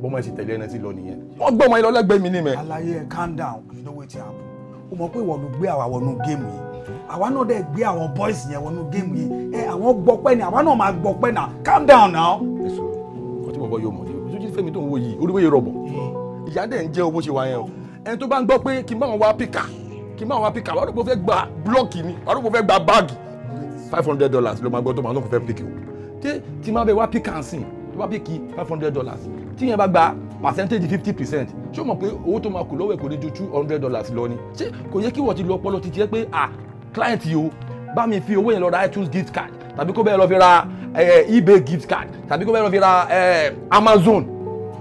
bọ́mọ ẹ sì tẹ̀lé ẹni tí lọ nìyẹn wọ́n gbọ́mọ ẹ lọ́lẹ́gbẹ̀ẹ́ mi ni mẹ́. alaye ẹ calm down you know wetin happen o mọ̀ pé ìwọ ló gbé àwa wọnú géèmù yìí àwa náà dẹ̀ gbé àwọn boys yẹn wọnú géèmù yìí ẹ àwọn gbọpẹ́ ni àwa náà máa gbọpẹ́ náà calm down now. èso ọtí bọ̀bọ̀ yóò mọ̀ ní ojú jíjí fẹ́mi tó ń wo yìí oríwé yìí rọ̀bọ̀ ìyá dẹ̀ ń jẹ́ owó ṣe wa yẹn o ẹni tó bá ń gbọ́ pé kí n bá wọn wá píkà kí n bá wọn wá píkà wàá rò pé gba blọ́ọ̀kì ni wàá rò pé gba báàgì five hundred dollars ló máa gbọ́ tó máa lókun fẹ́ píkì o tí tí máa bẹ wá píkà ń sìn tó bá píkì five hundred dollars tí yẹn bá gba percentage fifty percent ṣé o mọ̀ pé owó tó máa kù lọ́wọ́ ẹ̀ kò ní ju two hundred dollars lọ ni ṣé kò yẹ kí wọ́n ti lo ọpọlọ títí ẹ pé ah client yìí o bá mi fi owó yẹn lọ ra iTunes gift card tàbí kó bẹ́ẹ̀ lọ fi ra eBay gift card tàbí kó bẹ́ẹ̀ lọ fi ra Amazon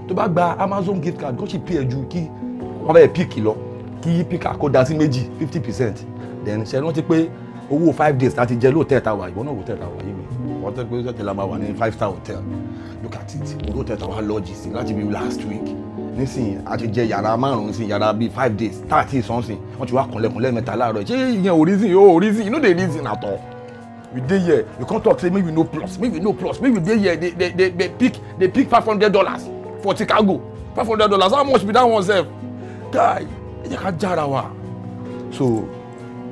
tó bá gba Amazon gift card kó sì pay ẹ ju kí wọ́n bẹ́ẹ̀ pick lọ kí picker kó da sí méjì fifty percent then ṣe rántí pé owó five days láti jẹ lóòótẹ́ ta wà ìwọ náà hòtẹ́ẹ̀lì ta wà yìí mi wọ́n tẹ́ pé hòtẹ́ẹ̀lì la máa wà ní five star hotel look at it hòtẹ́ẹ̀lì ta wà lọ́ọ̀jì sí láti bí last week nísìnyí a ti jẹ yàrá márùn-ún sí yàrá bíi five days thirty something wọ́n ti wá kànlẹ̀kùn lẹ́ẹ̀mẹ́ta láàárọ̀ ṣé ìyẹn ò reason yóò reason you know the reason at all you dey here you come talk say make we no plus make we no plus make we dey here they they they pick they pick five hundred dollars for chicago five hundred dollars how much be that one sef guy ẹ jẹ́ ká jára wa so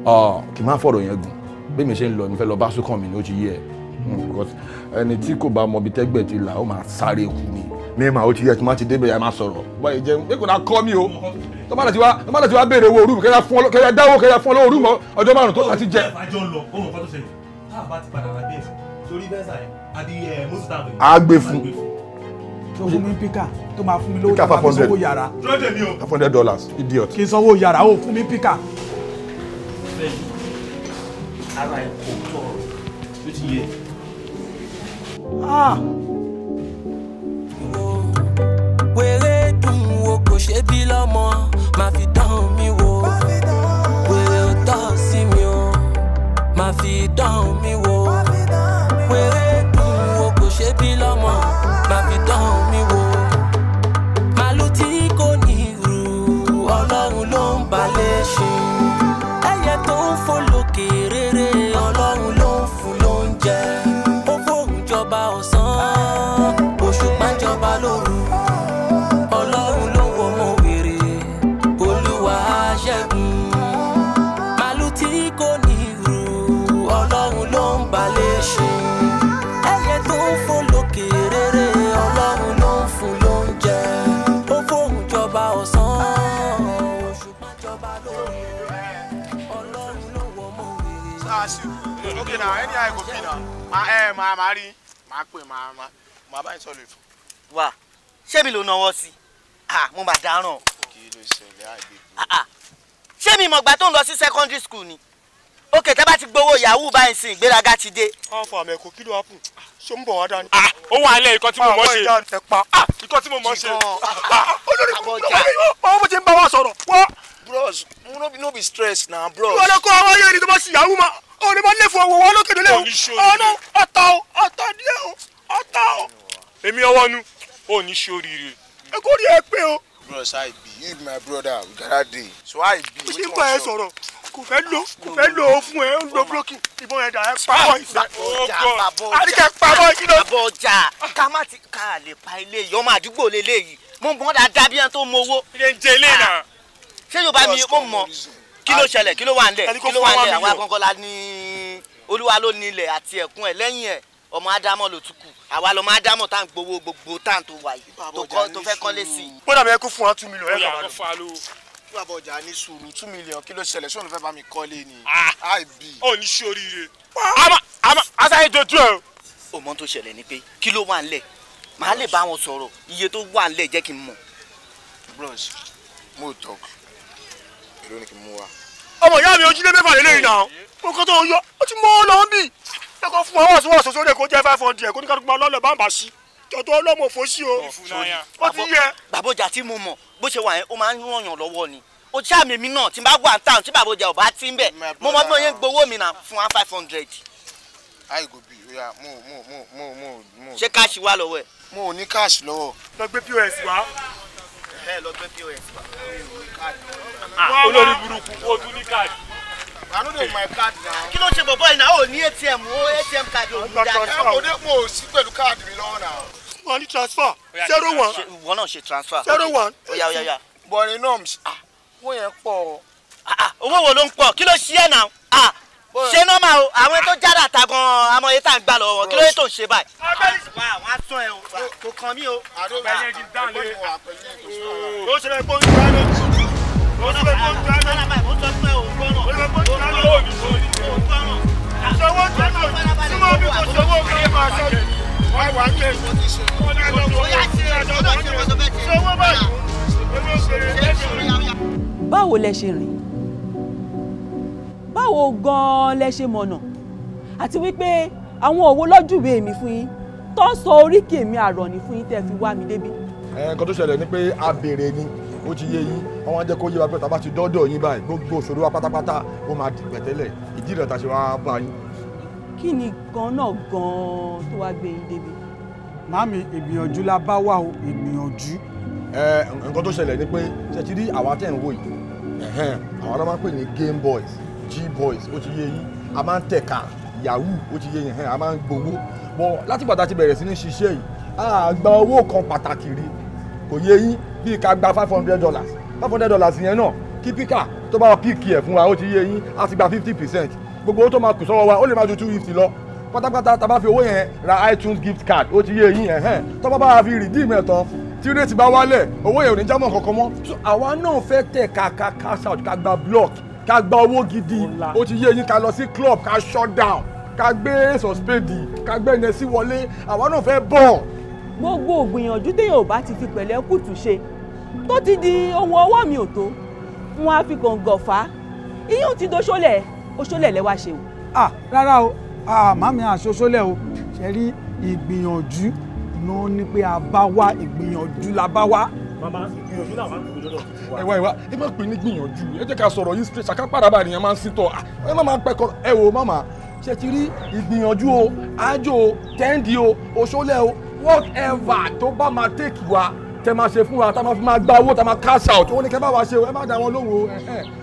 Ah. kì máa fọ̀rọ̀ yẹn gùn bí mi ṣe ń lọ mi fẹ́ lọ bá sókàn mi ni ó ti yé ẹ hmm, ẹni tí kò bá mọ ibi tẹ́gbẹ̀ ti là ó máa sáré kù ni mímà ó ti yẹ kí n má ti débẹ̀ yà má sọ̀rọ̀ báyìí jẹ́ ẹ kò náà kọ́ mi o tó bá wá tó bá wá béèrè owó orúkọ kẹyà fún ọ kẹyà dáwó kẹyà fún ọ lọ́wọ́ orúkọ ọjọ́ márùn tó láti jẹ. àgbè fún. tó mi píkà tó máa fún mi lówó yàrá. five hundred sanwó yàrá ó fún mi píkà. Ah. ara ẹ̀kọ́ tọrọ tó ti yẹ. wèrè dùn wo kò máa máa rí máa pè máa máa máa bá yín sọ̀rọ̀ ìfọ̀. wà ṣé mi ló náwó sí mo mà dáràn. kí ló ṣẹlẹ̀ àgbègbè. ṣé mi mọ̀gbà tó ń lọ sí secondary school ni òkè tẹ́ bá ti gbowó yahoo báyìí sin ìgbéraga ti dé. ọ̀fọ̀ àmì ẹ̀kọ́ kí ló wá fún ṣé ń bọ̀ wá dání. ohun àlẹ́ ikọ́ tí mo mọ̀ ṣe ikọ́ tí mo mọ̀ ṣe. olórí kò lọ́wọ́ mi wọ́n pa ọmọ tí ń bá wa sọ̀rọ̀ wọ́n bros no be no be stress na bros. ìwọ lọkọ àwọn ayé ni tó bá ṣe yahoo ma ọ ní bá lè fún ọwọ́ wọn lókè lólè o ọ̀nà ọ̀tá o ọ̀tá ilé o ọ̀tá o. èmi ọwọ́ nu ò ní ṣe oríire. ẹ kò rí ẹ pé o. bros i be you be my brother we gada dey so i be. o ṣe ń bá ẹ sọ̀rọ̀ kò fẹ́ lo kò fẹ́ lo o fún ẹ ń lo blocking ìbọn ẹ̀dá ẹ pa bọ́ ìgbà ogo àríkẹ́ pa bọ́ ìgbà. àbọ̀ ọjà ah. ká má ti ká lè pa ilé yìí ọmọ àdúgbò lélẹ́yìí mo mọ̀ dáadáa bí wọ́n tó mọ owó. ilé ń jẹ ilé náà ṣé yorùbá mi mo mọ kí ló ṣẹlẹ̀ kí ló wà nílẹ̀ kí ló wà nílẹ̀ àwọn akọ́kọ́lá ní olúwa ló nílẹ̀ àti ẹ̀kún ẹ̀ lẹ́yìn ẹ̀ ọmọ ádámọ̀ ló tún kù àwa lọmọ ádámọ̀ tá à ń gbowó gbogbo tá à ń tó wà yìí tó fẹ́ kọ́lé sí i. bọ́dà mi ẹ kú fún wa two million ẹ kà wá lọ. bí abọ́jà ní sùúrù two million kí ló ṣẹlẹ̀ sóun fẹ́ bá mi kọ́lé ni. Ah! ó ní sí oríire. àmọ́ àmọ́ asáyé dojú ẹ. o mọ tó ṣẹlẹ̀ ni pé kí ló wà nílẹ̀ màá lè bá wọn sọ̀rọ̀ iye tó wà nílẹ̀ jẹ́ kí n mọ̀. bros mo tọ́ èló ni kí n mú wa. ọmọ ìyá mi ojúlé mẹ́fà lélẹ́yìn náà mo kọ́ tó yọ ó ti mọ́ ọ lọ ń bì ẹ kọ́ fún ọwọ́ sọ́wọ́ sọ́sọ́ rẹ̀ kó jẹ́ five hundred kó ní kálukú máa lọ́lẹ̀ bámbà sí tọ́tọ́ ọlọ́mọ fòsí o ó ti yẹ. bàbójà tí mo mọ̀ bó ṣe wà yẹn ó máa ń yàn lọ́wọ́ ni o ṣáà mi náà tí n bá wà táwọn tí bàbójà ò bá ti ń bẹ̀ mo mọ bí gbowó mi náà fún one five hundred. ayi go bi oya mo mo mo mo mo. ṣé káàṣì wà lọ́wọ́ ẹ̀. mo ò ní káàṣì lọ́wọ́. lọ gbé pọ́s wá. Ah, olórí burúkú o tún ní káàdì. àánú dè mọ káàdì náà. kí ló ṣe bọ̀bọ̀ yìí náà ó ní atm ó atm káàdì ó ní dáadáa. mo dé mo sí pẹ̀lú káàdì mi lọ́wọ́ náà. mo transfer zero one. ìwọ náà ṣe transfer. zero one. oya oya oya. bọ̀rin náà ah, wọ́n yẹn pọ̀. Ah, owó wo ló ń pọ̀ kí ló ṣí ẹ̀ náà ṣé nọ́mà o àwọn tó jáde àta gan amọ̀ yìí tá ń gbà lọ́wọ́ kí ló yẹ tó ń ṣe báyìí. wà á wá sọ ẹ o kò kàn mí o. àbẹ̀yẹ ti dá lé o ṣe lè gbóhùn ìgbà lójú o ṣe lè gbóhùn ìgbà lójú o ṣe lè gbóhùn ìgbà lójú ìṣòwò tó ń lò súnmọ́ bí kò ṣòwò kan yẹ máa ṣe wà wà ń lè ṣòwò báyìí báwo lẹ ṣe rìn báwo gan-an lẹ ṣe mọ̀nà àti wípé àwọn òwò lọ́júwe mi fún yín tó sọ oríkì èmi àrọ̀nì fún yín tẹ́ fi wá mi débi. ẹ nǹkan tó ṣẹlẹ̀ ni pé a béèrè ni ó ti yé yín àwọn jẹ́ kó yé wa pé tá a bá ti dọ́dọ̀ yín báyìí gbogbo òṣòro wa pátápátá ó máa di pẹ̀tẹ́lẹ̀ ìdí ìrẹ̀ta ṣe wá bá yín. kí ni gan náà gan-an tó wá gbé yín débi. màámi ìgbìyànjú la bá wà o ìgbìyànjú. ẹ nǹkan tó ṣẹlẹ̀ ni pé ṣe ti rí àwa tẹ̀ ń wò yìí àwọn ọlọ́mọ pè ní Game Boys G-boys ó ti yé yín a máa ń tẹ̀ka yahoo ó ti yé yín a máa ń gbowó bọ́ láti ìgbà tá a ti bẹ̀rẹ̀ sí ní ṣiṣẹ́ yìí a gba owó kan pàtàkì rí kò yé yín bíi ká gba five hundred dollars five hundred dollars yẹn náà kí píkà tó bá píìkì ẹ̀ fún wa ó ti yé yín a ti gba fifty percent gbogbo owó tó máa kù sọ́wọ́ wa ó lè máa ju two fifty lọ pátápátá tá bá fi owó yẹn ra iTunes gift card ó ti yé yín ẹ̀hẹ́n tó bá bá fi redeem ẹ̀ tán tí rate bá wálẹ̀ owó yẹn ò ní jámọ́ kankan mọ́ so àwa náà fẹ́ tẹ̀ ká ká cash out ká gba block ká gba owó gidi ó ti yé yín ká lọ sí club ká shut down ká gbé sọ̀spédì ká gbé yẹn sí wọlé àwa náà fẹ́ bọ̀. gbogbo ògbìyànjú téèyàn bá ti fi pẹ̀lẹ́ kùtù ṣe tó ti di ohun ọwọ́ mi ò tó wọn á fi gàngàn fà á iyún ti doṣọlẹ̀ oṣọlẹ̀ lẹ́wà ṣe o. ah rárá o àmọ́ mi àṣoṣọlẹ̀ o ṣe rí ìgbìyànjú ló ní pé a bá wá ìgbìyànjú la bá wá. Màmá, ìgbìyànjú náà máa ń gbìyànjú lọ. Ẹ̀wá ẹ̀wá, ẹ má pè ní gbìyànjú, ẹ jẹ́ ká sọ̀rọ̀ yìí straight, ṣàká pàdàbà nìyẹn máa ń sítọ̀, ah, ẹ má máa ń pẹ́kọ̀, ẹ wò màmá, ṣe ti rí ìgbìyànjú o, ájò o, tẹ́ǹdì o, òṣòlẹ̀ o, whatever tó bá máa take wa tẹ máa ṣe fún wa tá máa fi máa gba owó tá máa cash out, ó ní kẹ́ bá wa ṣe o, ẹ má da wọn lóhùn o.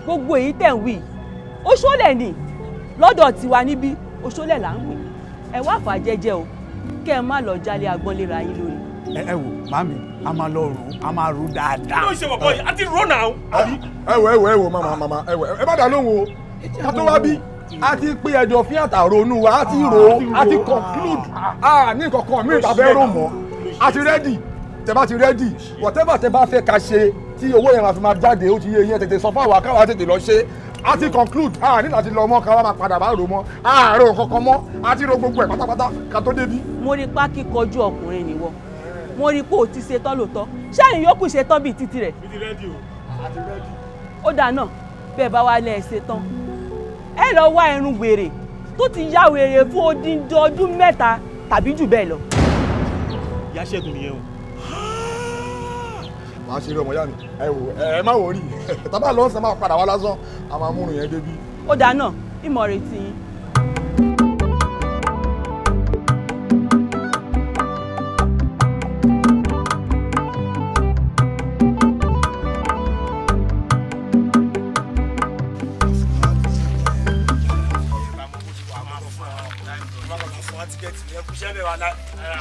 Gbogbo èyí tẹ̀ ń wí, òṣòlẹ̀ ni lọ́dọ̀ tiwa níbí òṣòlẹ̀ là ń pè, ẹ wá fà jẹ́jẹ́ o, kẹ́ ẹ má lọ jálé agbọ́nlera yín lórí ẹ ẹ wò màmí a máa lọ rò a máa rò dáadáa. kí ló ń ṣe bọ̀bọ̀ yìí a ti rò náà. Ah, ẹ wò ẹ wò ẹ wò màmá màmá ẹ wò ẹ bá dà lóhùn o ká tó wá bí a ti pé ẹjọ́ fí àtàrò onú wa a ti rò a ti conclude a ní kankan mi ìtàbẹ́ rò mọ́ a ti rẹ́dì tẹ bá ti rẹ́dì whatever tẹ bá fẹ́ ká ṣe tí owó yẹn máa fi máa jáde ó ti yé yẹn tètè sọ fún àwa káwa tètè lọ ṣe a ti conclude a ní láti lọ mọ káwa máa padà bá rò mọ a rò kankan mọ a ti rò gbogbo ẹ pátápátá ká tó débi. mo rí pákí kọjú ọkùnrin nìwọ wọ́n rí pé ò ti ṣe tán lóòótọ́ ṣáàyìn yòókù ṣe tán bíi títí rẹ̀. mi ti rẹ́dì o àti rẹ́dì. ó dáa náà bẹ́ẹ̀ bá wá lẹ́ ẹ̀ ṣe tán ẹ lọ wá irun wèrè tó ti ya wèrè fún odindi ọdún mẹ́ta tàbí jù bẹ́ẹ̀ lọ. ìyá ṣẹ́gun nìyẹn o. màá ṣe eré ọmọ yá mi ẹ wò ẹ má wò rí tábà lọ́sàn-án máa padà wá lásán a máa yẹn débi. ó dáa ìmọ̀ retí na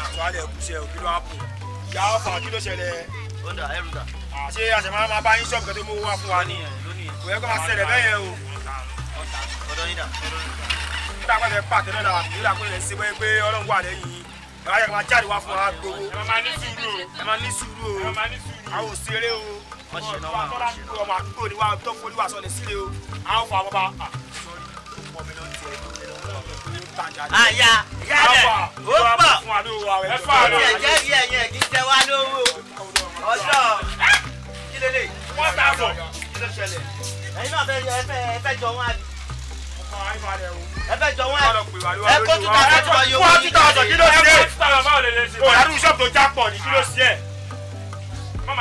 àtúwálẹ̀ ẹ̀kúṣẹ́ o kí ló wá pò ìyá ọ̀fà kí ló ṣẹlẹ̀. ó dà ẹrù dà. àṣé àṣẹmọ́ máa bá yín ṣọ́ọ̀bù kẹ́tọ́ mú owó wá fún wa ní. kò yẹ kó máa ṣẹlẹ̀ bẹ́ẹ̀ yẹn o. ọ̀dọ́ yín dà. nígbà pẹ́ fẹ́ pàtẹ́ náà dà nígbà pẹ́ fẹ́ ṣe pé ọlọ́run wà lẹ́yìn yín. ẹ máa yẹ kó máa jáde wá fún wa gbowó. ẹ máa ní sùúrù o. ẹ máa ní sùúrù o. àwọn òṣèré o. ọmọ àtúntò ọmọ àtúntò àyà yálẹ̀ ó pọ̀ ó tiẹ̀ jẹ́ bí ẹ̀yìn ẹ̀kí jẹ wá lówó ọjọ́ kí lélẹ̀ wọ́n tà bọ̀ kí ló ṣẹlẹ̀ ẹ̀yin náà fẹ́ fẹ́ jọ wọn àbí ẹ fẹ́ jọ wọn ẹ kó tuta kó tuta yòówù yìí kí ló ṣe é o yàrá ìṣọ́ọ̀bù tó já pọ̀ ní kí ló ṣe é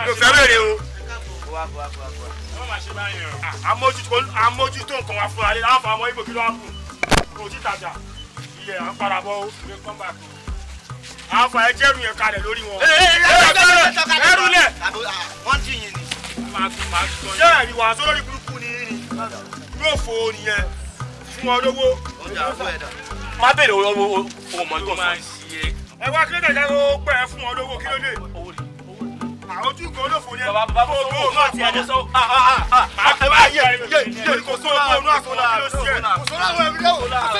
yóò fẹ́ wẹ̀rẹ̀ o. amójútó nǹkan wa fún wa lé láwọn fún ọmọ ibo kí ló wá kù kò tí ilẹ̀ à ń parabọ́ ó lè kọ́ bá tó. àfa ẹ jẹ́rù yẹn kalẹ̀ lórí wọn. ẹrù lẹ̀. wọ́n ti yìn ni. ṣé ẹ̀rí wàá sọ burúkú ni yín ni yóò fo nìyẹn fún ọ lówó. má bèrè owó owó mọ̀ ní kò ẹ wá kí ló dé jáde ó fún ọ lówó kí ló dé ojú nǹkan olófò ni ẹ bàbá bàbá fún owó náà ti ẹjẹ sọ máa kẹ bá yẹ yẹ yẹ kò sọ owó náà sọ náà ló ṣe ẹ kò sọ láwọn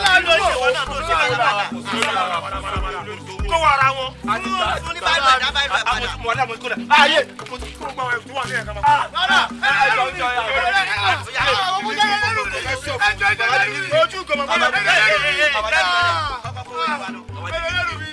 ẹbí lẹwọ kò sọ láwọn ẹbí lẹwọ kò sọ láwọn ẹbí lẹwọ kó wà ara wọn. àti ìgbà tó ní báyìí bàdá báyìí bàdá. àmọ́ tí mo wà ní àmọ́ tí kò dà. ayé kò tí kò gbà wọn ẹ̀kú wà ní ẹ̀ka máa. rárá ẹ jọ jọ ẹ jọ ẹ jọ ẹ jọ ojú nǹkan mọ̀ mọ́ ẹ jọ ẹ jọ ẹ jọ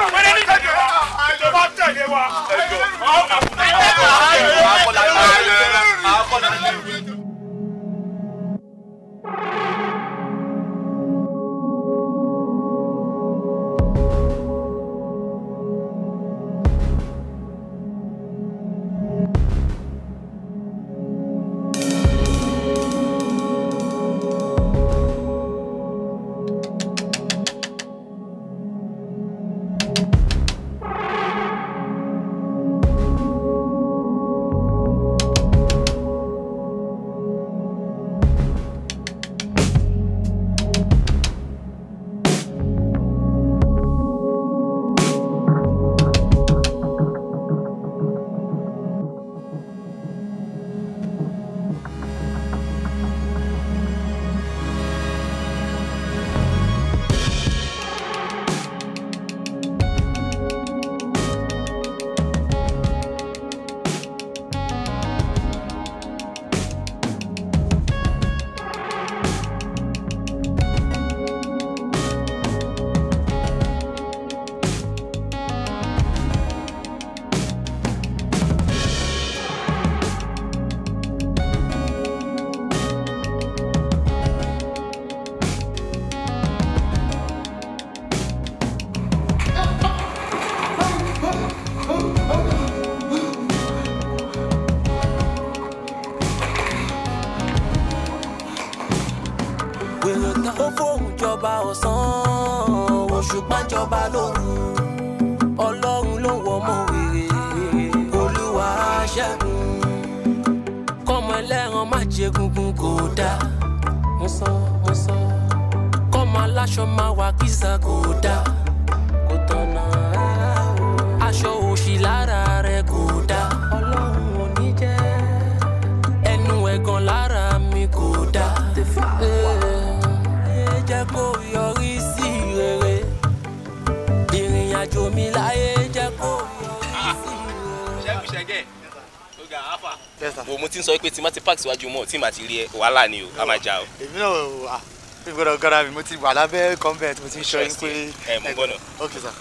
park síwájú mọ́ tí màá ti rí ẹ wàhálà ni o a máa jà o. èmi náà ò à mi gbọ́dọ̀ gọ́dọ̀ mi mo ti wà lábẹ́ convent mo ti ń ṣọyún pé ẹ mo gbọ́dọ̀. ok sir.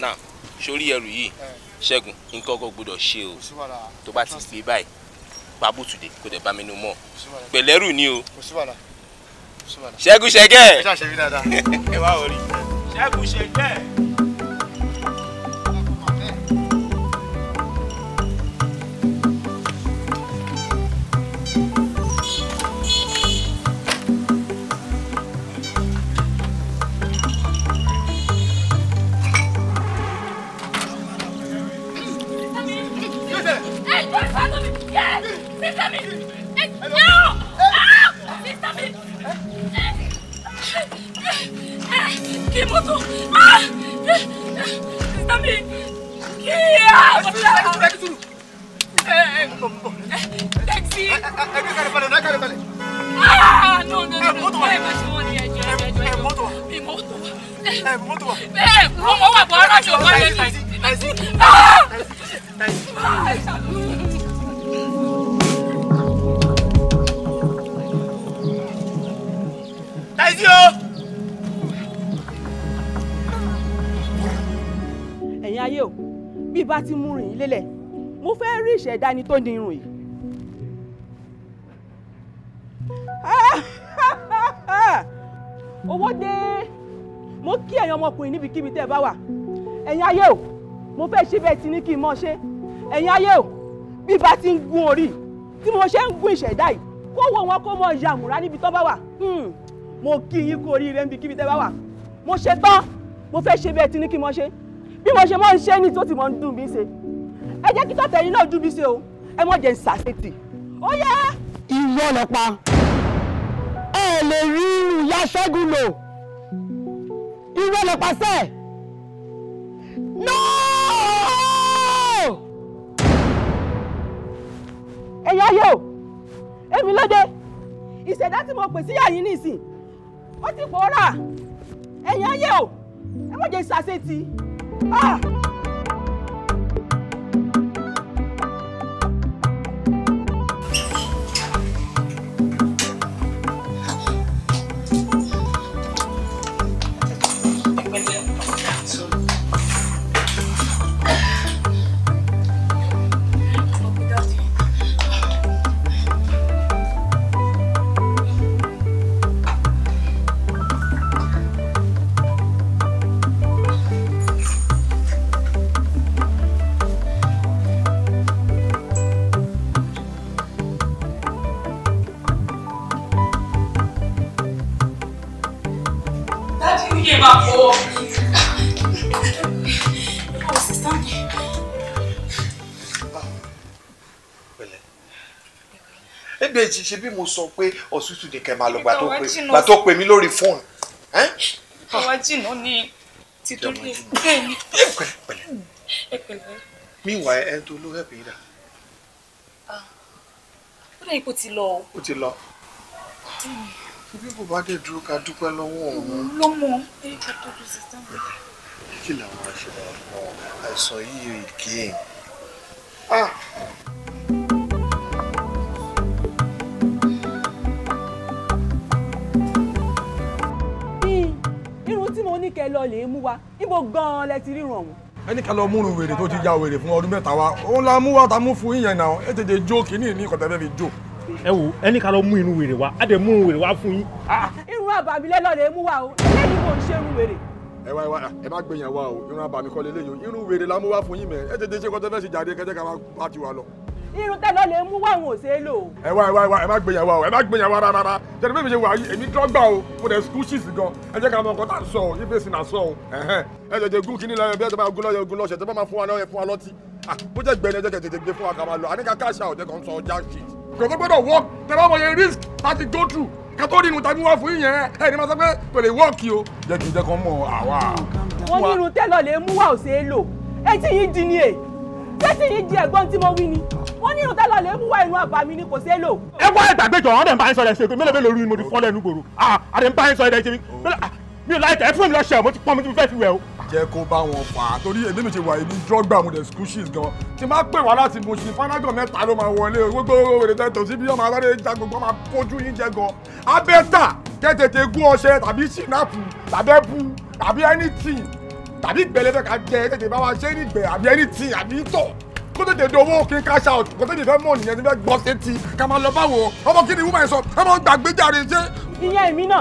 now sórí ẹrù yìí ṣẹ́gun nǹkan kan gbọ́dọ̀ ṣe o tó bá ti ṣe báyìí pabùtùdé kò dẹ̀ bá mi nu mọ́ pẹ̀lẹ́rù ni o ṣẹ́gun ṣẹ́gẹ́ ẹ ṣẹ́gun ṣẹ́gẹ́. ẹni tó ní irun yìí. owó dé mo kí ẹ̀yin ọmọkùnrin níbikíbi tẹ́ ẹ bá wà ẹ̀yin ayé o mo fẹ́ ṣe bẹ́ẹ̀ tí ní kí n mọ̀ ṣe ẹ̀yin ayé o bí bá ti ń gun orí tí mo ṣe ń gun ìṣẹ̀dá yìí kó wo wọn kó mọ yàmùrá níbi tó bá wà hmm, mo kí yín kú oríire níbikíbi tẹ́ bá wà mo ṣe tán mo fẹ́ ṣe bẹ́ẹ̀ tí ní kí n mọ̀ ṣe bí mo ṣe mọ̀ ń ṣe ní tó ti mọ̀ ń dùn mí ṣe kíkọ́ tẹ̀yìn náà dúbí ṣe o ẹ mọ̀ jẹ́ ń sàṣetì ó yá. ìwọ lẹ pa ẹ lè rí ìyá ṣẹ́gun lò ìwọ lẹ pa sẹ́ẹ̀ náà. ẹ̀yin ayé o èmi lóde ìṣẹ̀dá tí mo pè sí yàyín nísìn ó ti pòórà ẹ̀yin ayé o ẹ má jẹ́ ìṣàṣetì. Ah! méjèèjì ṣe bí mo sọ pé ọ̀sùtù ni kẹ́ máa lọ gbà tó pè mí lórí fóònù. ìtọ́wá jìnnà ni tìtúlẹ̀ bẹ́ẹ̀ ni. ẹ meanwhile ẹ tó ló hẹ́pì yín dà. Ah, ó dẹ̀ ipò ti lọ. ó ti lọ. ibi kò bá dé dúró ká dúpẹ́ lọ́wọ́ òun. ló mọ ẹ ká tó dùn sí sáà. kí làwọn aṣọ àwọn àìsàn yìí again. ah ní kẹ́ lọ lè mú wa níbo gan-an lẹ ti ríran ọ̀hún. ẹni ká lọ múrun wèrè tó ti ya wèrè fún ọdún mẹ́ta wa òun la mú wa ta mú fún yíyan náà ẹ tètè jó kínní ní ìkọ̀tẹ́ fẹ́ fi jó. ẹ wo ẹni ká lọ mú inú wèrè wa á dẹ̀ mú wèrè wa fún yín. Ah! irun àbàmì lẹ́lọ́ lè mú wa o lẹ́yìn kò ń ṣe irun wèrè. ẹ wá ẹ má gbẹ̀yàn wa o irun àbàmì kọ́ lélẹ́yìn o irun wèrè la mú wa fún yín mẹ́ ẹ tètè ṣe kọ́tẹ́ fẹ́ ṣe jáde kẹ́tẹ́ irun tẹ́ lọ lè mú wá àwọn òṣèré lò. ẹ wá ẹ wá ẹ má gbéyàwó ẹ má gbéyàwó rárá jẹni bí mi ṣe wà yìí èmi dọ́gba o mo dẹ̀ skul ṣì gan ẹ jẹ́ ká mọ nǹkan tá à sọ o ife sin àsọ o ẹ jẹjẹ gún kínní lọ bí ẹ ti máa gún lọ́yọ̀ gún lọ́sẹ̀ tí wọ́n máa fún wa lọ́yẹ̀ fún wa lọ́tí bó jẹ́ gbẹ̀ni ẹ jẹ́ kẹ̀tẹ̀tẹ̀ gbé fún wa ká máa lọ àníkà káàṣà ọ̀jẹ̀ kan sọ ọjà ṣì kò tó gbọ́dọ̀ tẹ bá wọ̀nyẹn risk láti go through ká tó nínú tàbí wá fún yẹn ẹ ní ma sọ pé kò lè work yìí o. jẹ́ kí n jẹ́ kan mọ̀ àwa. wọ́n tẹ́lọ̀ lè mú wa ò ṣeé lò etí yìí di ni è tẹ́tí yìí di ẹ̀gbọ́n tí mo wí ni wọ́n ní ìrùtẹ́ lọ́ọ̀lẹ́ mú wá inú àbá mi ni kò ṣeé lò. ẹ wá ìgbàgbẹ́jọ ọ̀rọ̀ dẹ̀ ń bá yín sọ̀rọ̀ ẹ̀ ṣe pé mélòó mélòó rí ni mo ti fọ́n lẹ́nu gbòòrò àdé ń bá yín sọ̀rọ̀ ẹ̀ ṣe mi ò láì tẹ̀ ẹ́ fún mi lọ́ṣẹ̀ mo ti pọ́n mi ti fẹ́ fi wẹ̀ o. jẹ́ kó bá wọn fà á torí èmi mi ti wà ní drọ́gbà mo dẹ̀ squishes gan tí máa pè wá láti mo ṣe fanagan mẹ́ta ló máa wọlé gbogbo òwèrè tẹ̀tọ̀ síbi ọmọ alárẹ̀ jagun gan máa kojú yín jẹ gan abẹ́ta kẹ́tẹ̀tẹ̀ gún ọṣẹ tàbí sinapu tàbẹ́bu tàbí anything tàbí ìgbẹ́lẹ́ fẹ́ ká jẹ ẹ tètè bá wa ṣe ní ìgbẹ́ àbí ẹni tì àbí tọ̀ kó tètè dowó kí n cash out kó tètè fẹ́ mọ̀ nìyẹn tí fẹ́ gbọ́ sétí ká máa lọ báwo ọmọ kí ni wúmọ̀ ẹ̀ sọ ọmọ gbàgbé jàre ṣe. ìyẹn èmi náà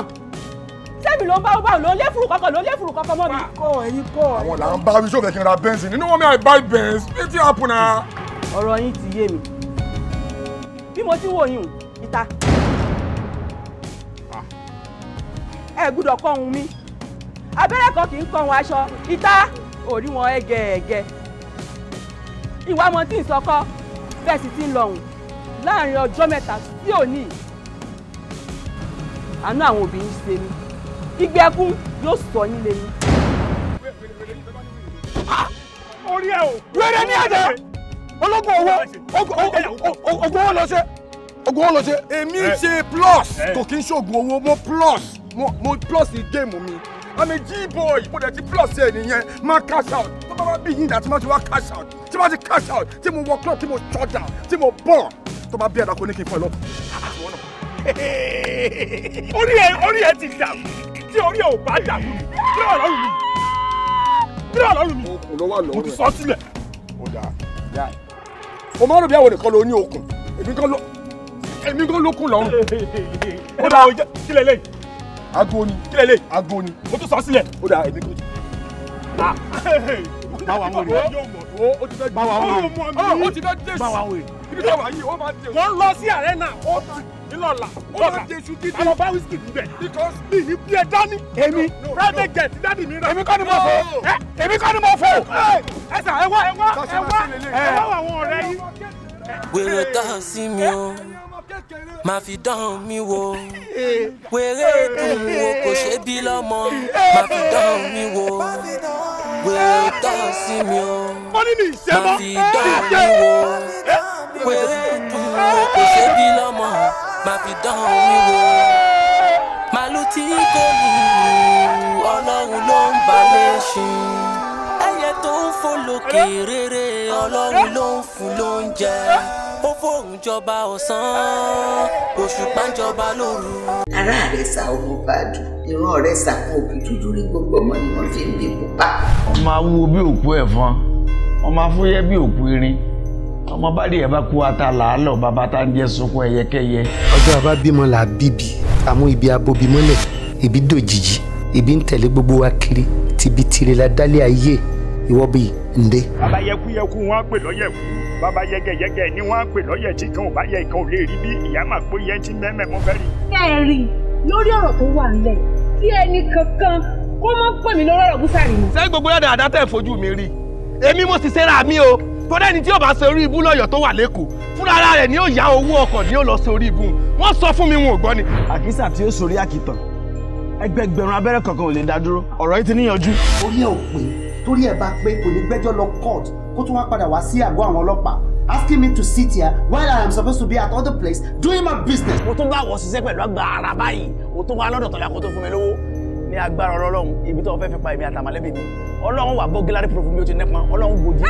sẹ́mi ló ń bá bá ló lé furu kankan ló lé furu kankan mọ́ mi. kọ ẹyin kọ ẹyin. àwọn là ń bá wíṣọ fẹ kí n ra bẹ́ǹsì nínú wọn mi àì buy bẹ́ǹsì wetin happen na. ọ̀rọ̀ yín ti yé mi bí mo ti wò yín ìta ah. ẹ gbúdọ̀ kọ́ ohun mi abẹ́rẹ́ kan kì í kọ́ wọn aṣọ ìta orí wọn ẹ̀gẹ̀ẹ̀gẹ̀ ìwà ọmọ tí ń sọkọ bẹ́ẹ̀ sì ti ń lọ̀hùn láàrin ọjọ́ mẹ́ta sí òní àánú àwọn òbí ń ṣe ni igbe ẹkún yóò sọ yín lé ní. orí ẹ o. wẹ́rẹ́ ní àjà ológun owó ogun owó lọ ṣe ogun owó lọ ṣe. èmi ṣe plus kò kí n ṣe ogun owó mo plus mo plus ní géèmù mi i'm a g boy mo dẹ̀ plus ẹ̀ nìyẹn máa cash out tó bá wá bí yín dà tí cash out tí mo ti cash out tí mo wọ club tí mo shut down tí mo bọ̀ tó bá bí ẹ̀dá kò ní kí n fọ́ ẹ lọ. orí ẹ orí ẹ ti dà tí orí ẹ ò bá dà mí kí ọ̀rọ̀ mi kí ọ̀rọ̀ mi mo ti sọ sílẹ̀. ó dáa dáa o máa ń rò bí àwọn nìkan ló ní okùn èmi kan ló èmi kan ló ago ni. kílẹ̀ lè. ago ni. mo tún sọ sílẹ̀. ó dà èmi kò jù. Ah. báwa ń wòye. báwa ń wòye. ó ti fẹ́ dé sùn. báwa ń wòye. ibi tí a wọ́n lọ sí arena ó ti ńlọ́la. ó máa dé su gidi. àlọ́ bá níbẹ̀. because mi ní bí ẹ dání. èmi private jet dáàdì mi rà. èmi kọ́ ni mo fẹ́. èmi kọ́ ni mo fẹ́. ẹ sà ẹ wá ẹ wá ẹ wá ẹ wá àwọn ọ̀rẹ́ yìí. wèrè tá a sí mi o máa fi dán mi wò wéré dùn wò kò ṣe bí lọ́mọ máa fi dán mi wò wéré dán sí mi o máa fi dán mi wò wéré dùn wò kò ṣe bí lọ́mọ máa fi dán mi wò màlúù tí kò lù ọlọ́run ló ń balẹ̀ ṣin ẹyẹ tó ń fò lókè rere ọlọ́run ló ń fún lóúnjẹ fóun jọba ọ̀sán òṣùpá ń jọba lóru. ara rẹ sa ọmọ bàdù ìran rẹ sàkún òbí dúdú rí gbogbo ọmọ ni wọn fi ń bí pupa. ọmọ awúwo bí òkú ẹ̀fọn ọmọ afúyẹ́ bí òkú irin ọmọ bá rí bá kú ata làálọ̀ bàbá tá ń jẹ́ sunkún ẹyẹkẹyẹ. ọjọ́ àbá bímọ là á bíbí àmú ibi abobi ibi dòjìjì ibi ń tẹ̀lé gbogbo wa kiri tibitire la dálé ayé ìwọ́ bíi ǹdẹ́. bàbá wọn á pè lọ́yẹ̀kú bàbá yẹgẹyẹgẹ ni wọ́n á pè lọ́yẹ̀ tí kan ò bá yẹ ìkan ò lè rí bí ìyá máa pé yẹn ti mẹ́mẹ́ mọ́ fẹ́ rí. bẹ́ẹ̀ rí lórí ọ̀rọ̀ tó wà nílẹ̀ tí ẹnì kankan kó má pè mí lórí ọ̀rọ̀ búsàrì mi. ṣé gbogbo yàrá àdá tẹ̀ fojú mi rí èmi mo sì ṣera mi o torí ẹni tí yóò bá ṣe orí ibú lọ́yọ̀ tó wà lẹ́kọ̀ọ́ fúnra ara rẹ̀ ni yóò yá owó ọkọ̀ ni yóò lọ ṣe orí ibú wọ́n sọ fún mi wọn ò gbọ́ ni. àkísà tí ó sorí àkìtàn ẹgbẹgbẹ̀rún abẹ́rẹ́ kankan ò lè dá dúró ọ̀rọ̀ yìí ti níyanjú. orí ẹ ò pé torí ẹ bá pé kò ní gbẹ́jọ́ lọ court kó tún wá padà wá sí àgọ́ àwọn ọlọ́pàá asking me to sit here while I am supposed to be at other place doing my business. mo tún bá wọ ṣiṣẹ́ pẹ̀lú àgbà ara báyìí mo tún wá lọ́dọ̀ tọ́lá kó tó fún mi lówó ní agbára ọlọ́run ibi tó fẹ́ fi pa èmi àtàmàlẹ́bí mi ọlọ́run wà bọ́ gíláàrí pòròfù mi ó ti nẹ́pọn ọlọ́run gbòdì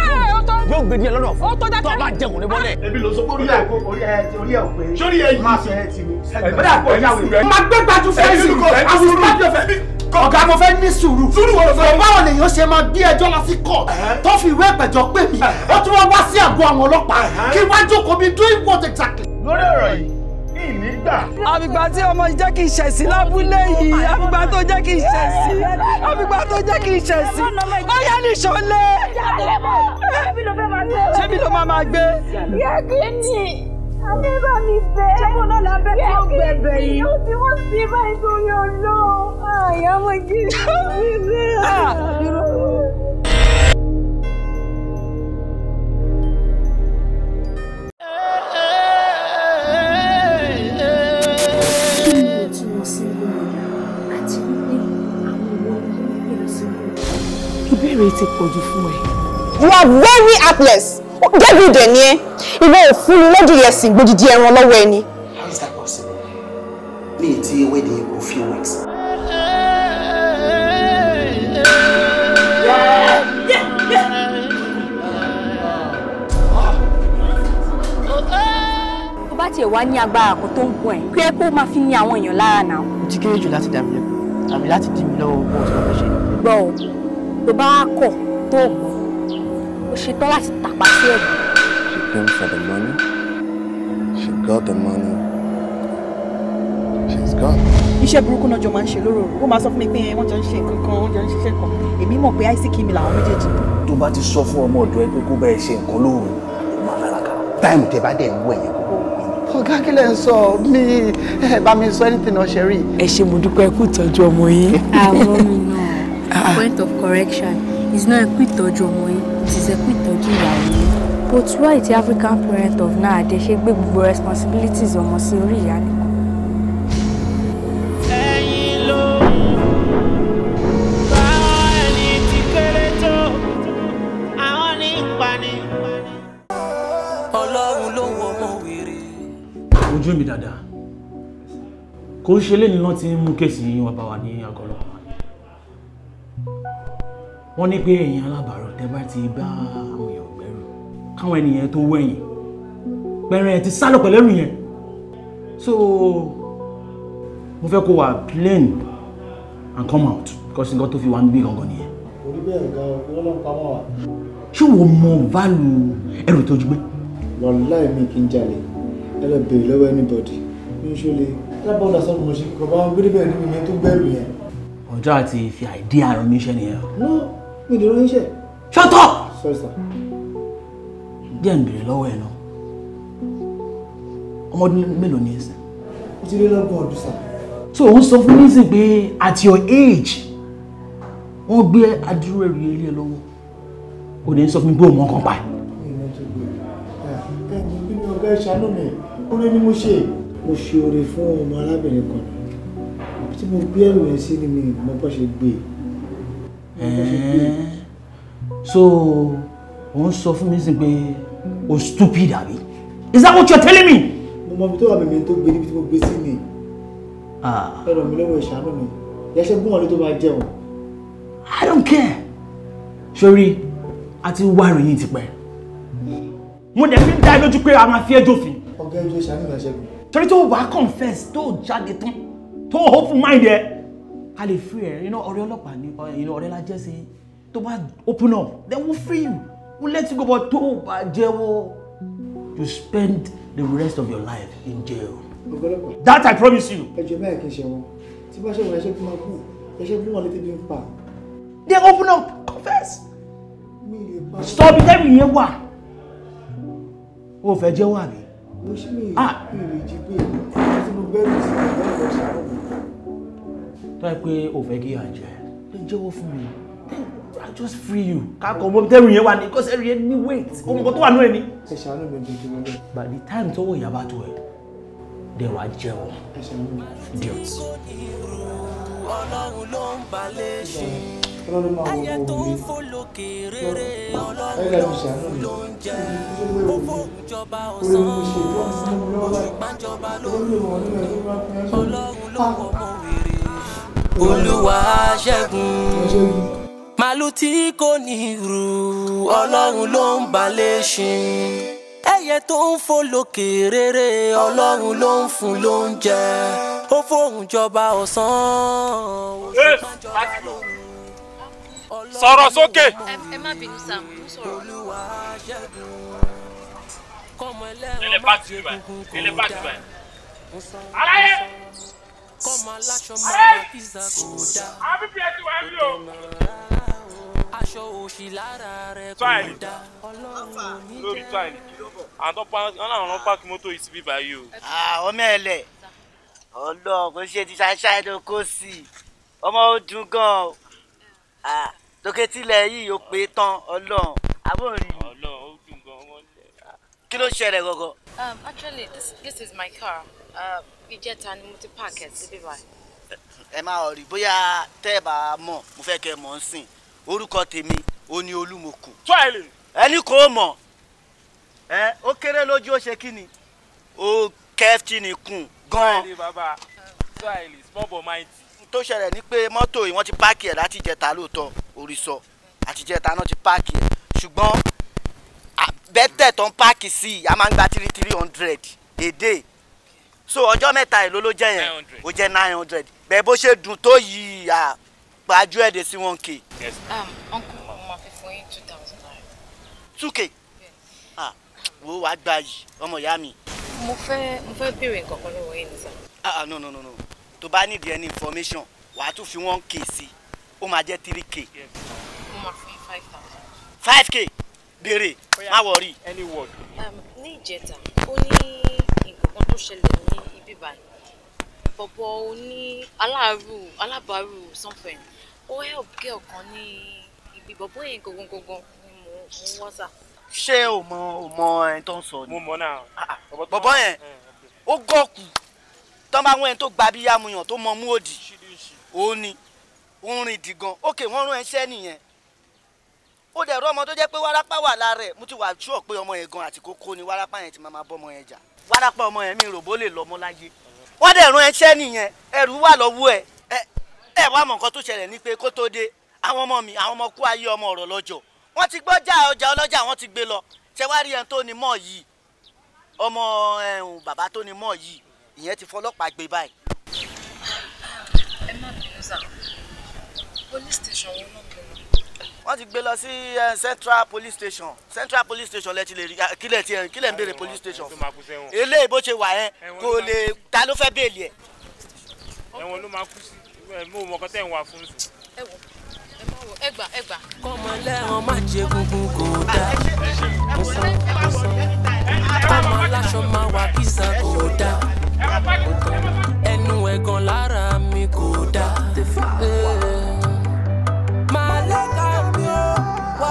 yóò gbèdí ẹ lọ́dọ̀ fún tó bá jẹun níbọ̀lẹ̀. ebi ló sọ pé orí ẹ orí ẹ orí ẹ ò pé sórí ẹ yìí máa sọ ti mi. ẹ ọ̀gá mo fẹ́ ní sùúrù sùúrù wo ló fẹ́ yìí báwo lèèyàn ṣe máa gbé ẹjọ́ lọ sí kọ́ tó fi ìwé ìpẹ̀jọ́ pè mí ó tún wá wá sí àgọ́ àwọn ọlọ́pàá kí wá jókòó mi doing what exactly. lórí ọ̀rọ̀ yìí ní ìnígbà. àbígbà tí ọmọ jẹ́ kí n ṣẹ̀sí lábúlé yìí àbígbà tó jẹ́ kí n ṣẹ̀sí àbígbà tó jẹ́ kí n ṣẹ̀sí báyà ní ìṣọ̀lẹ̀ ṣé bí ló máa máa gbé. yẹ kí ni. Adé bá mi bẹ́. Jẹ́wọ́n náà la bẹ́ kí ó gbẹ̀bẹ̀ yìí. Ó ti wọ́n sí báyìí torí ọlọ́run. Àyà mọ̀ kí ni ó fi ṣe. Ìbéèrè ti pọ̀jù fún ẹ. You are very heartless. Get dẹ̀ ni ẹ ìwọ ò fún mi lọ́dún yẹn sìn gbòdìdí ẹran lọ́wọ́ ẹni. How is that possible? ní ètí wedding yẹn kò few weeks. tó bá tiẹ̀ wá ní agbára kan tó ń gun ẹ̀ kí ẹ kó máa fi ní àwọn èèyàn lára náà. mo ti kéré jù láti dà mí lẹ́kọ̀ọ́ àmì láti dì mí lọ́wọ́ owó tí wọ́n fẹ́ ṣe. gbọ́ ò tó bá kọ̀ tó kọ̀ ó ṣetán láti tàpá sí ẹ̀gbọ́n him for the money. She got the money. She's gone. Iṣẹ́ burúkú náà jọ máa ń ṣe lóró. Ó máa sọ fún mi pé wọ́n jọ ń ṣe nǹkan kan, wọ́n jọ ń ṣiṣẹ́ kan. Èmi mọ̀ pé Isaac mi làwọn méjèèjì. Tó bá ti sọ fún ọmọ ọ̀dọ́ ẹ pé kó bá ẹ ṣe nǹkan lóru, ó máa lára kan. Táìmù tẹ bá dẹ̀ ń wọ̀ yẹn kókó ọ̀gá kí lẹ ń sọ mi ẹ bá mi sọ anything náà ṣe rí. ẹ ṣe mo dúpẹ́ kú ìtọ́jú ọmọ yín. àwọn mi náà point of correction is not a quick ìtọ́jú ọmọ yín it is ẹ kú ìtọ́jú ìyàwó yín. But why the African parent of nowadays ṣe gbé gbogbo responsibilities ọmọ sí orí ìyá nìkan? ojú mi dáadáa kò ń ṣe lé nínú tí ń mú kéèsì yín wá bá wa ní àgọ́ wọ́n ní pé ẹ̀yin alábàárọ̀ tẹ́ bá ti bá àwọn káwọn ènìyàn tó wẹ̀yìn pẹ̀rẹ̀ ẹ̀ ti sálọ pẹ̀lẹ́rù yẹn so mo fẹ́ kó wà plain and come out because nǹkan tó fi wá ń bí gangan nìyẹn. orí bẹ́ẹ̀ ga ọ̀gbìn ọlọ́run pamọ́ wa. ṣé wo mọ válù ẹrù tó gbé. wàláì mi kì í jalè ẹ bèrè lọ́wọ́ anybody ní ṣọlẹ lábọ̀ ọ̀dà sọ́dún mo ṣe kọ̀ bá wọn gbé bẹ́ẹ̀ níbi yẹn tó gbẹ́rù yẹn. ọjọ́ àti fi àìdí àrùn mi ṣe nìyẹn. no mi ò lè rán iṣẹ́. shut up. sorry sir díẹ̀ ń bèrè lọ́wọ́ ẹ̀ náà ọmọ ọdún mélòó ni ẹsẹ̀. ó ti lé lọ́gbọ̀n ọdún sá. so òun sọ fún nísìn pé at your age wọ́n gbé adúrú ẹrù ilé ẹ lọ́wọ́ kò ní sọ fún mi pé òun ọkàn pa ẹ̀. ẹ̀ẹ́dì ní ọgá ìṣàánú mi oore ni mo ṣe. mo ṣe oore fún ọmọ arábìnrin kan tí mo gbé ẹrù ẹ sí ni mi mo bá ṣe gbé e. e. so òun sọ fún mi sí pé o stupid abi is that what you are telling me. mo mọ ibi tó wà mímí tó gbé níbi tí mo gbé sí ni ah. ẹ ràn mí ìṣàánú mi yẹsẹ gún wọn tó máa jẹun. i don't care sori a ti wá ìròyìn tipẹ́ mo dẹ̀ fi ń dá lójú pé a máa fi ẹjọ́ fi. ọ̀gá ẹjọ́ ìṣàánú mi àṣẹ torí tó wàá confess tó jáde tán tó hope mind ẹ a lè free ẹ ọ̀rẹ́ ọlọ́pàá ni ọ̀rẹ́ lájẹ́ sí tó bá open up then we we'll free you will let you go but to jail you spend the rest of your life in jail. that I promise you. ẹjọ they open up confess. stop it every year wa. o fẹ́ jẹ́wọ́ àbí. mo mi ìrèjì ah. pé tí o fẹ́ kí àjẹ́ ẹ jẹ́wọ́ fún mi. I just free you ká kọ mọ tẹrù yẹn wà ní kọsẹ rí ẹ ní wait ohun kan tó wà nú ẹ ní. ẹ ṣàánú mi bí jùlọ náà. by the time tọwọ ìyá bá tó ẹ dẹ wàá jẹun idiot. ọlọ́run ló ń balẹ̀ ṣe ayé tó ń fò lókè ọlọ́run ló ń jẹ ó fòun jọba ọ̀sán òṣùpájọba lóru ọlọ́run ló wọ̀ mọ́ olúwa ṣẹ́gun màálù tí kò ní ìrù ọlọ́run ló ń balẹ̀ ṣin ẹyẹ tó ń fò lókè rere ọlọ́run ló ń fún ló ń jẹ ó fóun jọba ọ̀sán òṣùpá jọba lóru sọ̀rọ̀ sókè. ẹ má bínú sá mo sọ̀rọ̀. kọ́mọ ẹlẹ́rọ má jẹ́ gungun kò aláyé kọ́ máa láṣọ máa ra pizza kò dáa. aṣọ òṣì lára rẹ̀ kò dáa. lórí tíwáìlì àwọn ọ̀rọ̀ páàkì mọ́tò yìí sí bíbá yìí o. ọmọ ẹlẹ ọlọ́run kò ṣe ti ṣàṣàyàn ló kó sí i ọmọ ó dùn gan-an lókètìlẹ̀ yìí ó pé tán ọlọ́run àbórin. ọlọ́run ó dùn gan-an. kí ló ṣẹlẹ̀ gangan. Um, actually this, this is my car. Um ìjẹta ni mo ti páàkì ẹ̀ síbí báyìí. ẹ máa rí bóyá tẹ́ ẹ bá mọ̀ mo fẹ́ kẹ́ ẹ mọ̀ ń sìn orúkọ tèmi ó ní olúmọkù. tó ẹ lè. ẹni kò mọ̀ ẹ ó kéré lójú ó ṣe kí ni ó kẹ́fì ni kùn gan. tó ẹ lè bàbá tó ẹ lè small but mighty. tó ṣẹlẹ̀ ni pé mọ́tò yìí wọ́n ti páàkì ẹ̀ láti ìjẹta lóòótọ́ orísọ àti ìjẹta náà ti páàkì ẹ̀ ṣùgbọ́n bẹ́tẹ̀ tó ń páàkì sí i a máa ń gba three hundred èdè so ọjọ́ mẹ́ta èló ló jẹ́ yẹn ó jẹ́ nine hundred bẹ́ẹ̀ bó ṣe dùn tó yìí à gbájú ẹ̀ dé sí one k. Um, uncle mo máa fi fún yín two thousand naira. two k wo wàá gba yìí ọmọ ìyá mi. mo fẹ́ mo fẹ́ béèrè nǹkan lọ́wọ́ yín ní ah no no no no tó bá need any information wàá tún fi one k sí i ó máa jẹ́ three k. mo máa fi five thousand. five k béèrè má wọrí. Um, ní ìjẹta ó ní nǹkan kan tó ṣẹlẹ̀ ní ibi báyìí bọ̀bọ̀ oní aláàrù alábàárù something ó help girl kan ní ibi bọ̀bọ̀ yẹn gangan gangan ni mò ń wọ́sà. ṣé o mọ o mọ ẹni tó ń sọ ni. mo mọ náà. Ah, ah, bọ̀bọ̀ yẹn eh, ó gọ̀ọ̀kù tọ́ máa ń wẹ́n tó gba bí yámuyàn tó mọ mú òdì òun ni òun rìn dìgan ókè wọ́n rún ẹṣẹ́ nìyẹn ó dẹ̀ rọ́ ọmọ tó jẹ́ pé wárápá wà lára ẹ̀ mo ti wà ṣúọ̀ pé ọmọ yẹn gan àti kókó ni wárápá yẹn ti máa ma bọ́ ọmọ yẹn jà wárápá ọmọ yẹn mi rò bó lè lọ́mọ láyé wọ́n dẹ̀ rán ẹṣẹ́ nìyẹn ẹrù wà lọ́wọ́ ẹ̀ ẹ wá mọ̀ nǹkan tó ṣẹlẹ̀ ní pé kó tó dé àwọn ọmọ mi àwọn ọmọ kú ayé ọmọ ọ̀rọ̀ lọ́jọ́ wọ́n ti gbọ́jà ọjà ọlọ́jà wọ́n ti gbé lọ ṣe wá rí ẹni tó ni mọ́ yìí ọmọ ẹ̀hún bàbá tó ni mọ́ yìí ìyẹn ti fọlọ́pàá gbé báyìí. ẹ má bínú sá police station wọn náà wọ́n ti gbé lọ sí eh, central police station central police station lẹ ti lè rí ah, kílẹ̀ tiẹ̀ kílẹ̀ ń béèrè police station eléyìí bó ṣe wà yẹn kò lè ta ló fẹ́ béèlì ẹ̀. ẹ̀wọ̀n ló máa kú sí mo mọ̀ kọ́tẹ́ ìwà fún un. ẹgbà ẹgbà. kọ́mọ lẹ́wọ̀n má jẹ gungun kò dáa kò san kò san kọ́mọ aláṣọ máa wà kí san kò dáa ẹnu ẹ̀gàn lára mi kò dáa.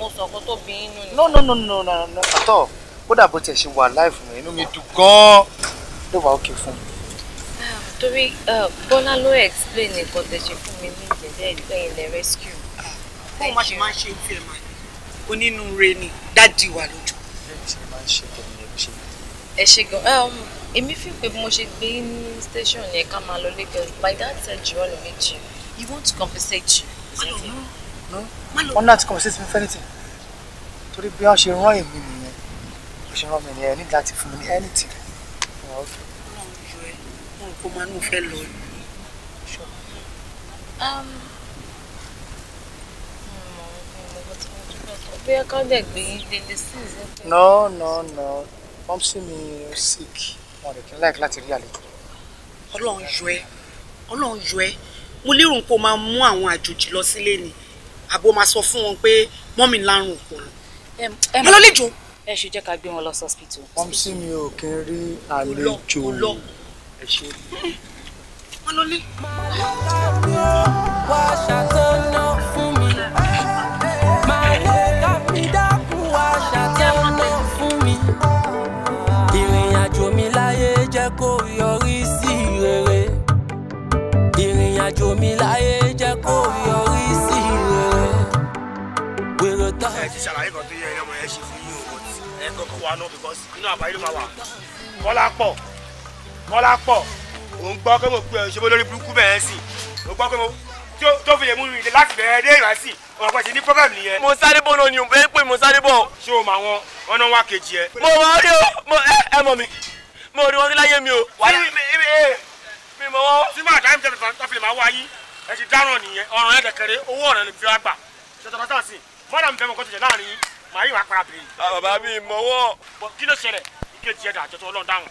mo sọ ọkọ tó bí inú ni. no no no no no no àtọ kódà bó tiẹ̀ ṣe wà láì fún mi inú mi dùn gan-an ló wà ókè fún mi. Ah, torí ah, bọ́lá ló explain nǹkan tẹ̀ ṣe fún mi ní ìjẹ́jẹ́ ìgbẹ́yìn lẹ́ rescue. bó o má ṣe máa ń ṣe ojú ẹ̀ máa ní onínúure ni dádì wà lójú. ẹ ṣe gan-an ah, um, èmi fi pé mo ṣe gbé ní station yẹn ká máa lọ Lagos by that time you all meet you he want to compensate you. I don't know wọ́n náà ti kọ̀ sí ti fẹ́ anything. torí bí wọ́n ṣe rán èmi nìyẹn bó ṣe rán mi nìyẹn nígbà tí fún mi ní ẹnìtì. kó máa ń fẹ́ lọ um, hmm, bóyá ká dẹ̀ gbé lele sí ìsẹ́kẹ̀. no no no wọ́n sì mi sick wọn rẹ̀ kí n láì láti rí àlejò. ọlọ́run yọ ẹ́ ọlọ́run yọ ẹ́ mo lérò pé o máa mú àwọn àjòjì lọ sílé ni àbò máa sọ fún wọn pé mọ́mì lárùn ọpọlọ. ẹ lọ lẹ́jọ́. ẹ ṣe jẹ́ ká gbé wọn lọ sọ́spítù. wọ́n sì mi ò kí ń rí àlejò ẹ ṣe. wọ́n lọ lé. wàá ṣàtọ́nà fún. ti ṣàlàyé kan tó yẹ ẹyẹ ọmọ yẹn ṣe fún yín o ẹ kọ́kọ́ wà náà because inú àbáyé ló máa wà kọ́lá pọ̀ kọ́lá pọ̀ òun gbọ́ pé mo pe ẹ̀ ṣe bó lórí burúkú bẹ́ẹ̀ sí mo gbọ́ pé mo tó fi lè mú mi láti bẹ̀rẹ̀ dé ìwá sí ọ̀rọ̀ pẹ̀sì ní problem nìyẹn. mo sáré bọ̀ lónìí òun pé mo sáré bọ̀. ṣé o mọ àwọn ọ̀nà wa kejì ẹ. mo mọ rí o mo ẹ ẹ mọ mi mo rí wọn láyé mi o. mi mọ wọn. tí máa dáhùn jẹ́ fífi máa wáyé ẹ ti dáràn nìyẹn ọ̀ràn ẹ̀dẹ̀kẹ̀rẹ̀ owó ọ̀ràn ni fi wá gbà ṣètò bàtà sí i mọ́nà mi fẹ́ mọ́ kọ́tù jẹ láàrin màá yìí wá para bèrè. Ah, bàbá mi mọ̀wọ́. kí ló ṣẹlẹ̀ ìkejì ẹ̀dá àjọṣọ ọlọ́run dáhùn.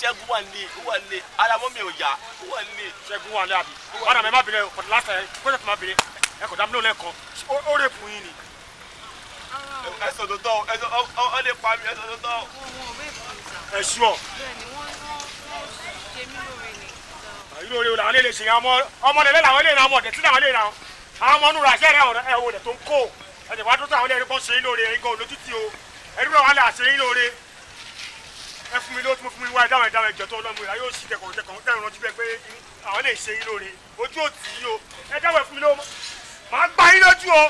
ṣẹ́gun wà ní wà ní alamọ́ mi ò yá wà ní. ṣẹ́gun wà ní àbí mọ́nà mi má bèrè kọ́tù láti ẹ̀ kọ́tù tó má bèrè ẹ̀ kọ́tù àmúlò lẹ́kọ̀ọ́ ó rè fún yín ni. ẹsọ tó tọ ẹsọ ọ lè pa mi ẹsọ tó tọ. ẹsù ọ. ìlú orí o làwọn lè ṣe ọmọ ọmọ lẹ́lẹ́ làwọn lè ra ọmọ ọ̀dẹ̀ tí làwọn lè ra ọ àwọn ọmọ onúra ṣẹ́ẹ̀rẹ́ àwọn ẹ̀wọ̀n rẹ̀ tó ń kó ẹ̀jẹ̀ wá tó táwọn ẹ̀rí kan ṣe é lóore nǹkan olójútì o ẹ̀rí rẹ̀ wà lẹ́ àṣẹ yín lóore ẹ fún mi ló tún fún mi wá ẹ dáhùn ẹ dáhùn ẹjọ́ tó lọ́mọ ìlà yóò sì kẹkọ̀ọ́ kẹkọ̀ọ́ tẹ̀rùn rántí bẹ́ẹ̀ pé àwọn lè ṣe yín lóore ojú ò tì í o ẹ dáhùn ẹ fún mi ló máa gbá yín lójú o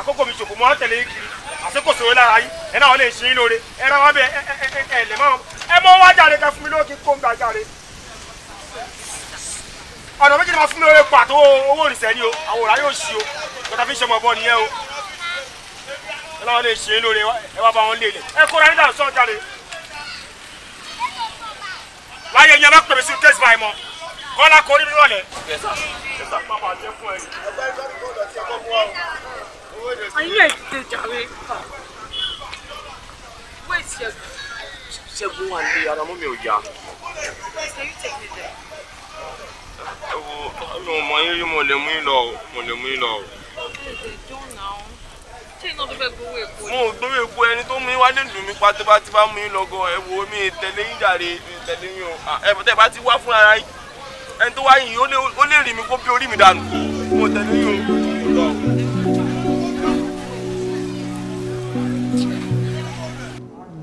àkókò mi ṣòfò mọ́ tẹ̀lé yín kiri àsìkò sòwò lára yín ẹ náà lè ṣe yín lóore ẹ rà wá bẹ ẹ ẹ ẹ ẹ lè mọ́ ẹ mọ́ wá jàre ká fún mi lókè kó ń gbà jàre ọ̀nà méjì ni ma fún mi owó epo àti owó ìrìnsẹ̀ ni o àwọn òrà yóò ṣí o lọ́tà fi ń ṣe ọmọ ọbọ nìyẹn o ọlọ́wọ́n lè ṣe é lóore ẹ wá bá wọn lé ilẹ̀ ẹ kóra nígbà sọ́ọ́ jáde láyé yẹn má pè mí sí kéésì báyìí mọ́ kọ́lá korí mi lọ́lẹ̀. ayé ẹ̀ ti jàre wait ṣẹ́gun wà ní ara mú mi ò yá ewu ọlọ́run mọ yín rí mo lè mú yín lọ o mo lè mú ẹni tó mú yín wálé lù mí pa tó bá ẹ wo mi tẹ̀lé yín jàre tẹ̀lé yín o ẹ tẹ̀ bá ti wá fún ara yín ẹni tó wá yìí ó lè rí mi kó bí orí mi dànù mo tẹ̀lé yín o.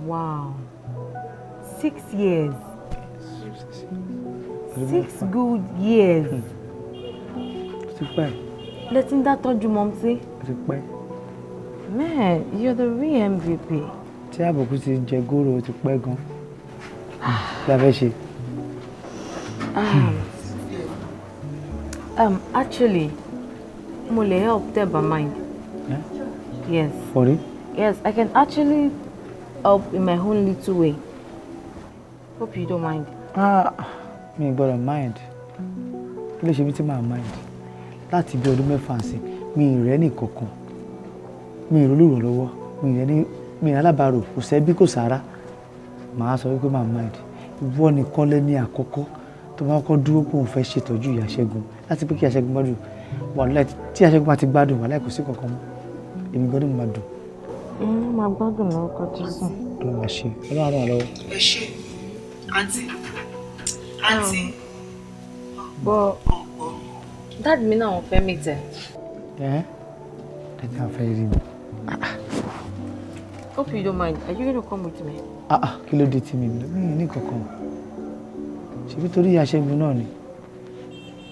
Wow, six years six good years. ó hmm. ti Letting that touch dá mom, see. ó ti man you're the real mvp. tí àbùkù ti jẹ gòrò ó ti pẹ́ gan. kí ah. a fẹ́ ṣe. um, um actually mule help tẹ́bà mind. Yeah? yes. for real. yes I can actually help in my own little way. Hope you don't mind. Ah. Uh, mi ì gbọ́dọ̀ mind kí ló ṣe mí tí màá mind láti bí ọdún mẹ́fà sí mi ì rẹ́ nìkankan mi ì rólù ìrànlọ́wọ́ mi ì rẹ́ ní mi ì rẹ́ alábàárò kò sẹ́bí kò sára màá sọ wípé màá mind ìwọ nìkan lẹ́ ní àkọ́kọ́ tó bá kọ́ dúró pé òun fẹ́ ṣètọ́jú ìyá Ṣẹ́gun láti pé kí ìyá Ṣẹ́gun gbádùn wàhálà tí ìyá Ṣẹ́gun bá ti gbádùn wàhálà kò sí kankan mọ́ èmi gbọ́dọ̀ máa dùn. máa gbádùn lọ́kọ̀ jésù. ọlọ́run àṣẹ ọlọ́run àrùn àlọ́wọ́. ẹ ṣe àǹtí àǹtí. bọ́ dáàdì mi náà wọ́n fẹ́ mi tẹ̀. ẹ eh? ẹ jẹ́ àfẹ́ rí mi. hope you don't mind are you gonna come with me. ah ah kí ló dé tí mi mi ní kankan ṣebí torí aṣẹ́gun náà ni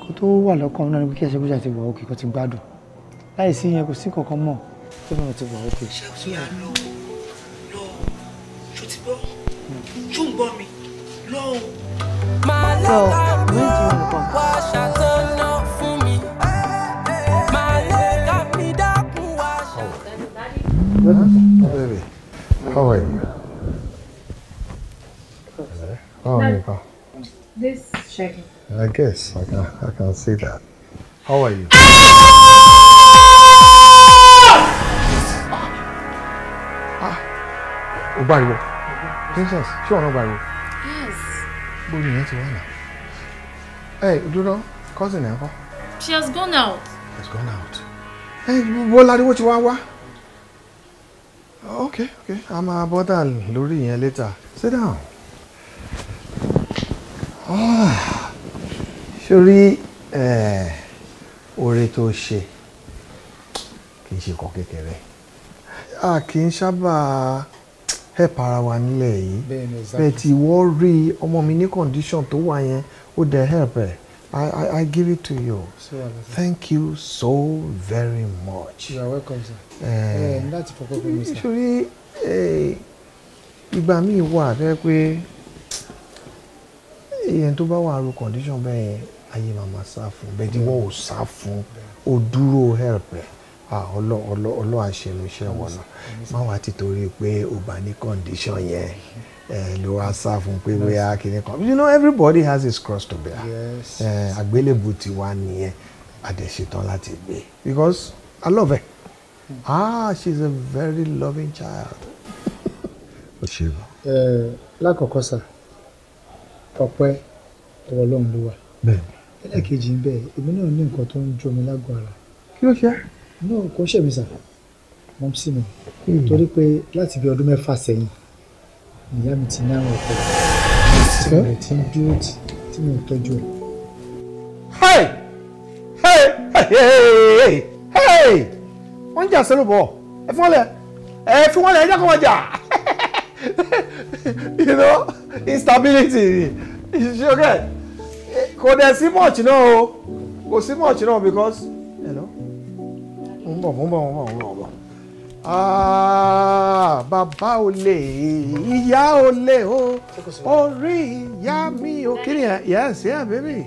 kó tó wà lọ́kàn náà ni pé kí aṣẹ́gun ṣàti wà òkè kó ti gbádùn láì sí yẹn kò sí kankan mọ̀ tó bá wọn ti wà òkè. ṣé o ti yà lọ lọ ṣó ti gbọ́ ṣó ń gbọ́ mi lọ́wọ́. So, when do you want to oh, Baby, how are you? you This shaking. I guess I can I can see that. How are you? Ah! Ah! Jesus, Show on, Obariwo? bóyá yẹn ti wà náà. ẹ dúró cousin ẹ kọ́. she has gone out. she has gone out. Hey, wọ́n lariwo ti wá wá. ok I'm a máa bọ́dà lórí later sit down. Ah, sórí oore tó ṣe kì í ṣe kọ́ kékeré a kì í sábà help para wa nílẹ̀ yìí but ìwọ rí ọmọ mi ní condition tó wà yẹn ó dẹ̀ help ẹ̀ I, I I give it to you thank you so very much. you are welcome sir. Eh. Eh, láti fọkàn fún mi sir. nítorí eh, ìgbà míì wà fẹ́ pé èèyàn tó bá wà ro condition bẹ́ẹ̀ ayé màmá sá fún bẹ́ẹ̀ ni wọ́n ò sá fún o dúró help ẹ̀. Ah, ọlọ́run àṣẹnu iṣẹ́ má wàá ti torí pé ó bá ní condition yẹn ló wá sá fún pé bóyá kìíní kan you know everybody has his cross to bear àgbélébù ti wá nìyẹn àdẹ̀ṣetán láti gbé because I love her hmm. ah she's a very loving child. lákọ̀ọ́kọ́ sà ọpẹ́ ọwọ́ ọlọ́run ló wà ẹlẹ́ẹ̀kejì ń bẹ èmi náà ní nǹkan tó ń jó mi lágọ̀ọ́ ara. kí ló ṣe é náà kò ṣe mí sà mọ́ sí mi hmm. torí pé láti bí ọdún mẹ́fà sẹ́yìn ìyá mi ti ní ọ̀pọ̀ tí mo dúró tí mo tọ́jú ẹ̀. wọ́n ń jà sẹ́lẹ̀ bọ̀ ẹ fún wọn lẹ̀ ẹ fún wọn lẹ̀ ẹ jẹ́ kó wọn jà you know instability ṣe okay kò dẹ̀ sí much náà o kò sí much náà because. You know, ń bọ̀ mò ń bọ̀ mò ń bọ̀ mò ń bọ̀. Ah, bàbá o orí ìyá mi ò kiri ẹ̀ yes yeah baby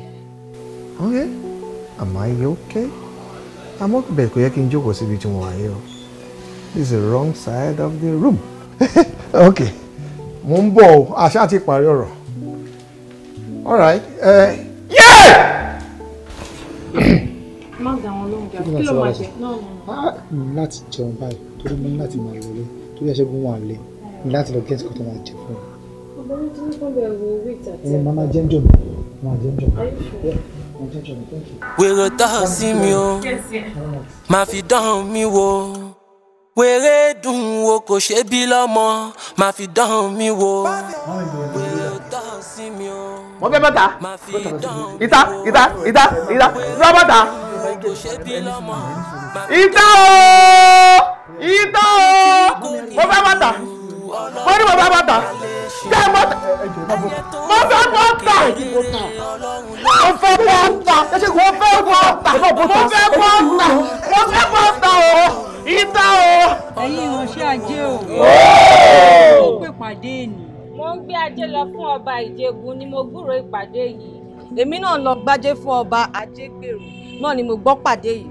okay am I okay àmọ́ bẹ́ẹ̀ kò yẹ kí n jókòó síbi tí mo wà yìí o this is the wrong side of the room okay mo ń bọ̀ o àṣà ti parí ọ̀rọ̀ all right. Uh, yeah! má dá lóhùn jáde kí ló máa jẹ ní láti jẹun báyìí torí mo ní láti máa lọlé torí àṣẹgun wà lé ní láti lọ gẹ́sì kan tó máa jẹ fún mi. ọ̀bẹ̀rẹ̀ tí wọ́n fún bẹ̀rù wí tàtí. ẹ máa máa jẹ́ ń mi. Wèrè tọ́ sí mi o, máa fi dán mi wò. Wèrè dùn wo kò ṣe bí lọ́mọ, máa fi dán mi wò. Wọ́n fẹ́ bàtà. Ìta ìta ìta ìta ìta kò ṣe bí lọ́mọ. ìtọ́ o ìtọ́ o mo fẹ́ bàtà mo ní mo fẹ́ bàtà jẹ́ bàtà mo fẹ́ bàtà mo fẹ́ bàtà mo fẹ́ bàtà mo fẹ́ bàtà mo fẹ́ bàtà o ìtọ́ o. ẹ̀yin ìránṣẹ́ ajé o ó pè pàdé ènìyàn mo ń gbé ajé lọ fún ọba ìjẹ̀bú ni mo gbúròó ìpàdé yìí èmi náà lọ gbájé fún ọba ajégbèrú náà ni mo gbọ́ pàdé yìí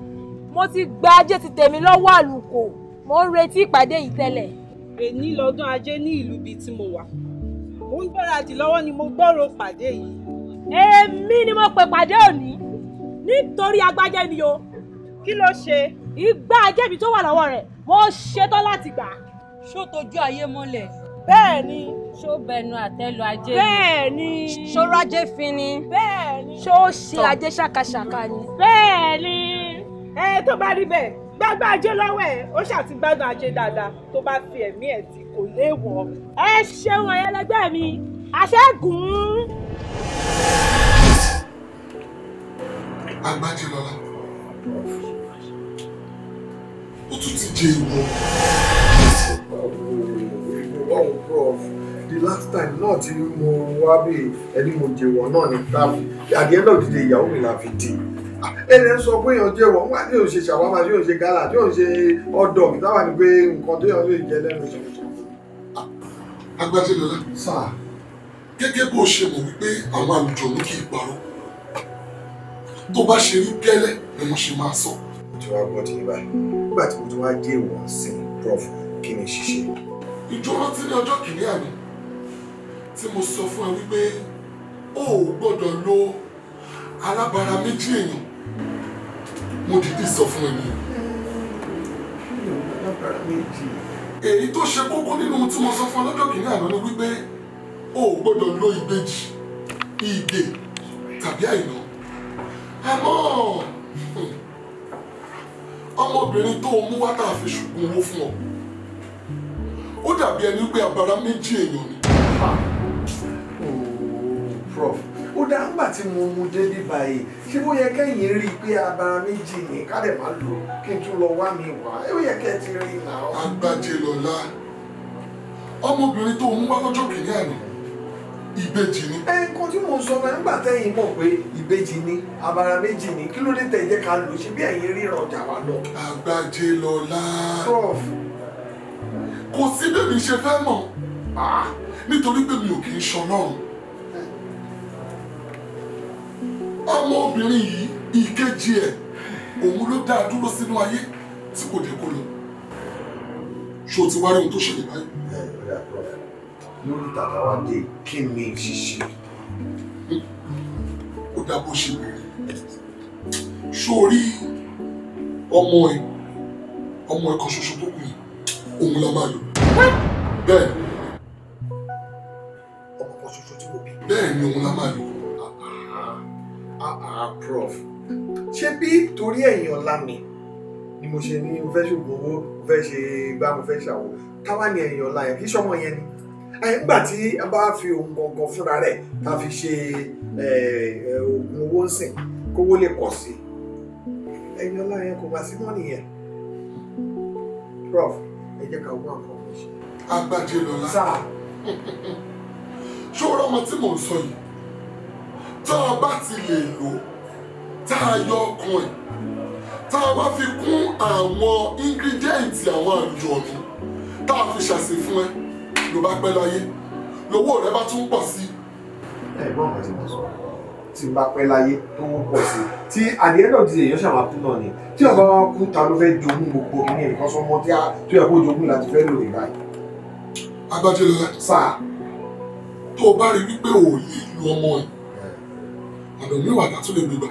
mo ti gba ajé ti tèmi lọ́wọ́ àlùkò mo ń retí ìpàdé yìí tẹ́lẹ̀. èní lọ́dún ajé ní ìlú bíi tí mo wà mo ń gbáradì lọ́wọ́ ni mo gbọ́rọ̀ pàdé yìí. èmi ni mo pè pàdé òní nítorí agbájẹ́ ni o. kí ló ṣe. ìgbà ajé mi tó wà lọ́wọ́ rẹ̀ mo ṣetán láti gbà. ṣó tojú ayé mọ́lẹ̀ bẹ́ẹ̀ ni. ṣó bẹnu àtẹ́lu ajé ni. bẹ́ẹ̀ ni. ṣó rájé fin ni. bẹ́ẹ̀ ni. ṣó ṣe ajé ṣàkàṣàkà ni. bẹ́ẹ̀ ni. ẹ tó bá rí bẹ́ẹ̀ gbágbá ajé lọ́wọ́ ẹ̀ ó ṣàti gbádùn ajé dáadáa tó bá fi ẹ̀mí ẹ̀ tí kò léèwọ̀. ẹ ṣeun ẹyẹlẹgbẹ́ mi àṣẹ́gun. agbájúlọ́lá ó tún ti jẹ́ ìwọ ọlọ́run prof the last time náà tí mo wá bí ẹni mo jẹ̀wọ̀ náà ní tábì àdìẹ náà dìde ìyàwó mi là fi dì ah, ẹni ẹ sọ pé èèyàn jẹ̀wọ̀ nígbà tí òun ṣe ṣàwámà tí òun ṣe gálà tí òun ṣe ọ̀dọ̀ táwa ni pé nǹkan tó yàn lè jẹ lẹ́nu ṣọ̀ṣọ̀. Ah, agbájẹ́lọ́lá sáà gẹ́gẹ́ bó ṣe mọ̀ wípé àwọn àlùjọ ló kì í parọ́ tó bá ṣe rí gẹ́lẹ́ ni wọ́n ṣe máa sọ. mo ti wá gbọ́ ti yín báyìí nígbà tí mo ti wá dé ìwọ̀n sí prof kí ni ṣíṣe ìjọ rántí ní ọjọ́ kìíní àná tí mo sọ fún ẹ wípé o ò gbọ́dọ̀ lo alábàárà méjì èèyàn mo dìde sọ fún ẹ nìyẹn. èyí tó ṣe kókó nínú ohun tí mo sọ fún ọ lọ́jọ́ kìíní àná ni wípé o ò gbọ́dọ̀ lo ìbejì ìgè tàbí àìná àmọ́ ọmọbìnrin tó mú wá tá a fi ṣùgbọ́n owó fún ọ. ó dàbí ẹni pé abara méjì èèyàn ni. Oh, prof ó dá prof tí mo mu délé báyìí ṣé bó yẹ kẹ́yìn rí i pé abara méjì ni ká lè má lò kí n tún lọ mi wá ó yẹ kẹ́ ẹ ti rí i náà. Agbájélọlá ọmọbìnrin tó ń wá lọ́jọ́ kìíní àná ìbejì ni. ẹ tí mo sọ náà nígbà tẹ́yìn mọ̀ pé abara méjì ni kí ló dé tẹ̀ jẹ́ ká lò ṣe bí kò sí bẹ́ẹ̀ mi ṣe fẹ́ mọ̀ ah, nítorí pé mi ò kì í ṣọlọ́run ọmọbìnrin yìí ìkejì ẹ̀ òun ló dáa dúró sínú ayé tí kò dé kó lọ ṣó ti wá rí ohun tó ṣẹlẹ̀ báyìí. lórí tàtà wa dé kí ni ṣíṣe. ó dá bó ṣe bèrè ṣó rí ọmọ ẹ ọmọ ẹ kan ṣoṣo tó kù yìí òun la máa lò bẹ́ẹ̀ ọmọ kan ṣoṣo tí mo bí bẹ́ẹ̀ ni òun la máa lò. Ah, ah, ah, prof ṣé bí torí ẹ̀yìn ọ̀la mi ni mo ṣe ní mo fẹ́ ṣògbọ́n owó mo fẹ́ ṣe gbá mo fẹ́ ṣàwò táwa ni ẹ̀yìn ọ̀la yẹn kì í ṣọmọ yẹn ni nígbà tí a bá fi ohun gangan fúnra rẹ̀ ta fi ṣe oògùn owó ń sìn kówó lè pọ̀ sí ẹ̀yìn ọ̀la yẹn kò bá sí mọ́ nìyẹn prof ẹ jẹ́ ká wá nǹkan kan ṣe. agbájé lọlá ṣó rọmọ tí mò ń sọ yìí tá a bá ti lè lò tá a yọ ọkàn ẹ̀ tá a bá fi kún àwọn ingredients àwọn àlùjọ ọ̀dún tá a fi ṣàṣe fún ẹ ló bá pẹ́ láyé lówó rẹ bá tún pọ̀ sí i. ẹ gbọ́n àti mọ̀ sọ tí n bá pẹ́ láyé tó ń pọ̀ sí tí àdìẹ́ náà ti èèyàn ṣàmà kú náà ni tí ọba wa kú ta ló fẹ́ jogún gbogbo kìíní nǹkan sọmọ tí a tó yẹ kó jogún láti fẹ́ lò nígbà yìí. agbájọ lọlá sáà tó o bá rí wípé o ò lè lu ọmọ ẹ ọ̀dọ̀ mi wà dá tó lè gbégbá.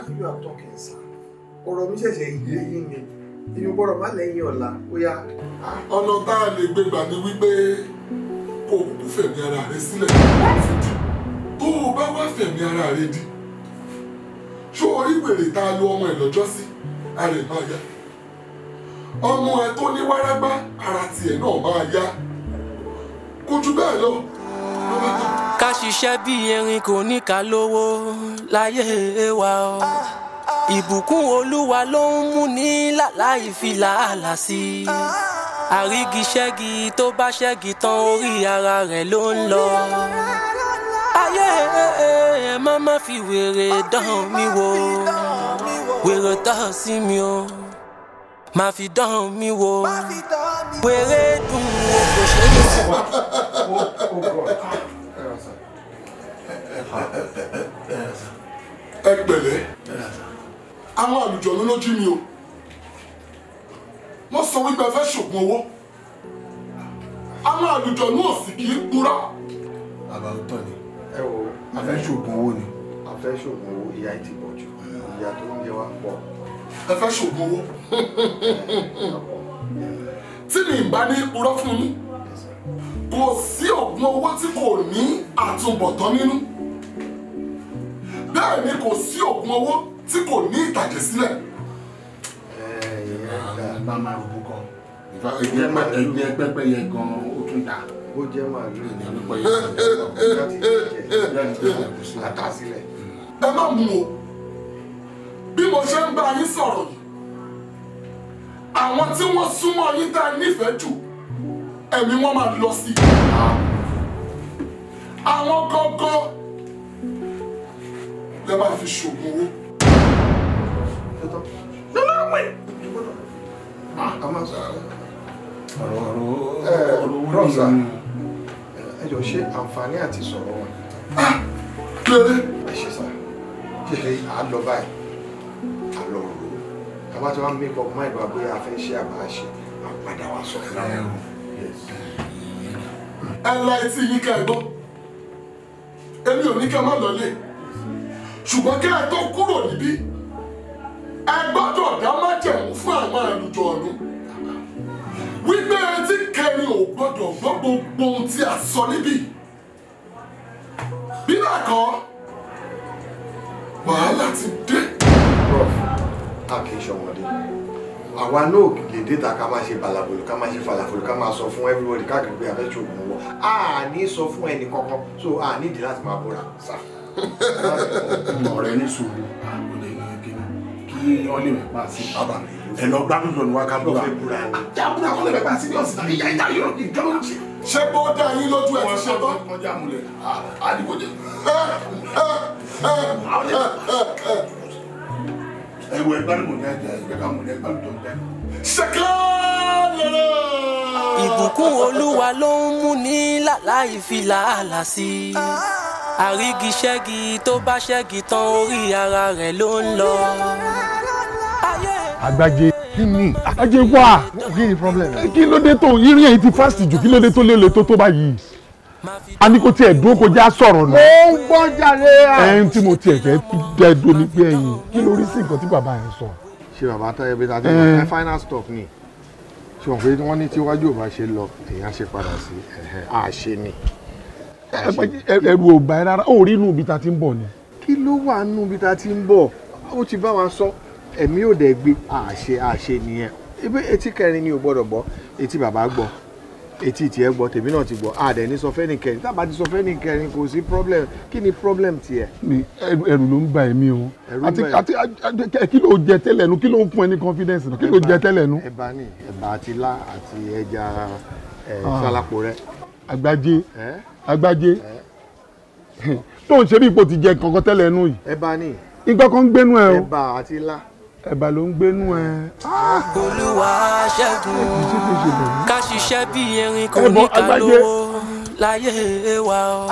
ọ̀rọ̀ mi ṣẹ̀ṣẹ̀ yé yín ni inú gbọ́dọ̀ má lẹ́yìn ọ̀la ó yá. ọ̀nà tá a lè gbégbà ni wípé kó o kúkú fẹ̀mí ara rẹ sílẹ̀ tó o bá wá fẹ̀mí ara rẹ dì ṣó orí wèrè tá a lo ọmọ ẹ̀ lọ́jọ́ sí àrè máa yá ọmọ ẹ tó ní wárágbá ara tiẹ̀ náà máa yá kò jù bẹ́ẹ̀ lọ. ká ṣiṣẹ́ bí erin kò ní ká lówó láyé wa o ìbùkún olúwa ló ń mú ní láì fi làálàá sí i àrígiṣẹ́gi tó bá ṣẹ́gi tán orí ara rẹ̀ ló ń lọ. ayé ẹ fi wèrè dán mi wò wèrè tọ́ sí mi o má fi dán mi wò wèrè dùn o kò ṣe é sí. Oh, oh, oh, ẹ pẹ̀lẹ́ àwọn àlùjọ ló lójú mi o wọ́n sọ wípé ẹ fẹ́ ṣògùn owó àwọn àlùjọ náà sì kì í purọ́. bàbá ó ni. ẹ wò ó a fẹ́ ṣoògùn owó ni. a fẹ́ ṣoògùn owó ìyà ti pọ̀ jù ìyà tó ń jẹ wá pọ̀. ẹ fẹ́ ṣoògùn owó tí mi bá ní purọ́ fún yín kò sí oògùn owó tí kò ní àtúbọ̀tán nínú bẹ́ẹ̀ ni kò sí oògùn owó tí kò ní ìtàjẹ̀ sílẹ̀. ẹ ẹ ẹ máa máa rògbò kan ẹ̀gbin ẹgbẹ́gbẹ́ yẹ gan-an ó tún dà. ó jẹ́ màálù ìyẹn ló pẹ́ yẹn àtàsílẹ̀. ẹ má mú o bí mo ṣe ń bá yín sọ̀rọ̀ yìí àwọn tí wọ́n súnmọ́ yín tá a nífẹ̀ẹ́ jù ẹ̀mí wọn máa lọ sí i. àwọn gangan lè máa fi ṣògùn owó. lọ́wọ́ pé. a máa sọ̀rọ̀ rọ́ọ̀sà ẹ jọ ṣe àǹfààní àti sọ̀rọ̀ wọn. Ah, kílódé. ẹ ṣe sá ṣe àlọ báyìí àlọ rò ó tábà tí wọn make up mind wa bóyá a fẹ́ ṣe àbá ṣe àpadà wa sọ fún wa. ẹ la etí yín ká ẹ gbọ́ èmi ò ní ká má lọ lé ṣùgbọ́n kí ẹ tó kúrò níbí ẹ gbọ́dọ̀ dá májẹ̀mú fún àwọn àlùjọ ọ̀run wípé etí kẹrin ò gbọdọ̀ gbọ́ gbogbo ohun tí a sọ níbí bí náà kọ́ wàhálà ti dé. prof a kì í ṣọmọdé àwa náà lè déta ká máa ṣe balabolo ká máa ṣe falafolo ká máa sọ fún everybody káàkiri pé abẹ́tí òògùn wọ a ní sọ fún ẹnì kankan so a nídìí láti máa bóra sá. ọ̀rẹ́ ní sùúrù àwọn olè ní kíni kí wọ́n lè mẹ́pà sí bàbá mi ẹ lọ gbádùn lọ ní wákà búra. jábúra kọ́lẹ̀ bẹ́ẹ̀ bá síríọ̀sì náà ìyá ìyá yóò ní ìjọba ń ṣé bó dá yín lójú ẹ ti ṣe tán. kọjá múlẹ̀ àdìgbò jẹ. ẹ wọ ẹgbẹ́ àdìgbò jẹ ẹgbẹ́ àmúlẹ̀ ẹgbẹ́ àdìgbò jẹ. ṣèkìlá lọ́lọ́. ìbùkún olúwa ló ń mú ní láì fi làálàá sí i àrígiṣẹ́gi tó bá ṣẹ́gi tán orí ara rẹ̀ ló ń lọ àgbàjẹ kí ni àgbàjẹ wà kí ni problem ẹ. kí ló dé tó irin ẹ̀yìn ti fásitì jù kí ló dé tó lé lè tó tó báyìí a ní kó tiẹ̀ dúró kọjá sọ̀rọ̀ náà. ó ń gbọ́ jáde à. ẹni tí mo tiẹ̀ fẹ́ dẹ́ do ni pé ẹ̀yin kí ló rí sí nǹkan tí bàbá yẹn sọ. ṣé bàbá táyé bí tàbí ẹ final stop ni ṣé wọn pé wọn ní tíwájú ò bá ṣe lọ èèyàn ṣe padà sí àṣe ni. ẹrù ò bá ẹ rárá ó rí inú ibi tá a ti ń bọ̀ ni. kí ló wà nínú ibi tá a ti ń bọ̀ ó ti bá wa sọ. So ẹ̀mí ò dẹ̀ gbé àṣe àṣe nìyẹn ibi etí kẹrin ni ò gbọ́dọ̀ gbọ́ etí bàbá gbọ́ etí tiẹ̀ gbọ́ tèmi náà ti gbọ́ àdẹ̀ ní sọ fẹ́ni kẹrin tábà ti sọ fẹ́ni kẹrin kò sí problem kí ni problem tiẹ̀. ni ẹrù ló ń ba ẹ̀mí o àti àti kí ló jẹ tẹ́lẹ̀ nu kí ló ń fún ẹ ní confidence nu kí ló jẹ tẹ́lẹ̀ nu. ẹ̀bà ni ẹ̀bà àti ilá àti ẹja ṣàlàpò ah. rẹ. àgbájé àgbájé tó ń ṣe bí ipò ti jẹ kankan tẹ́lẹ̀ nu yìí. ẹ̀bà ni. nǹkan kan ń gbénu ẹ o. ẹ̀bà àti ilá ẹ̀bà ló ń gbénú ẹ. Ah! olúwa ṣẹ́gun ká ṣiṣẹ́ bí erin kò ní ká lówó láyé wa o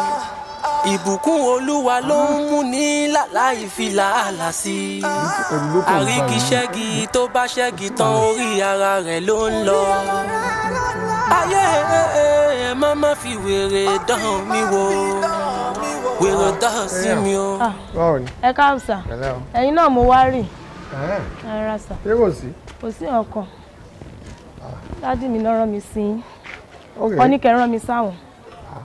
ìbùkún olúwa ló ń múni láláì fi làálàá sí i àríkíṣẹ́gi tó bá ṣẹ́gi tán orí ara rẹ̀ ló ń lọ ayé ẹ má fi wèrè dán mi wò wèrè dán sí mi o. Ah. ẹ káàbù sà náà mo wá rí i rárá sà. ṣé kò sí. kò sí ọkọ ah. dádì mi lọ́rọ́ mi sí i kẹ́ rán mi sáwọn. Ah.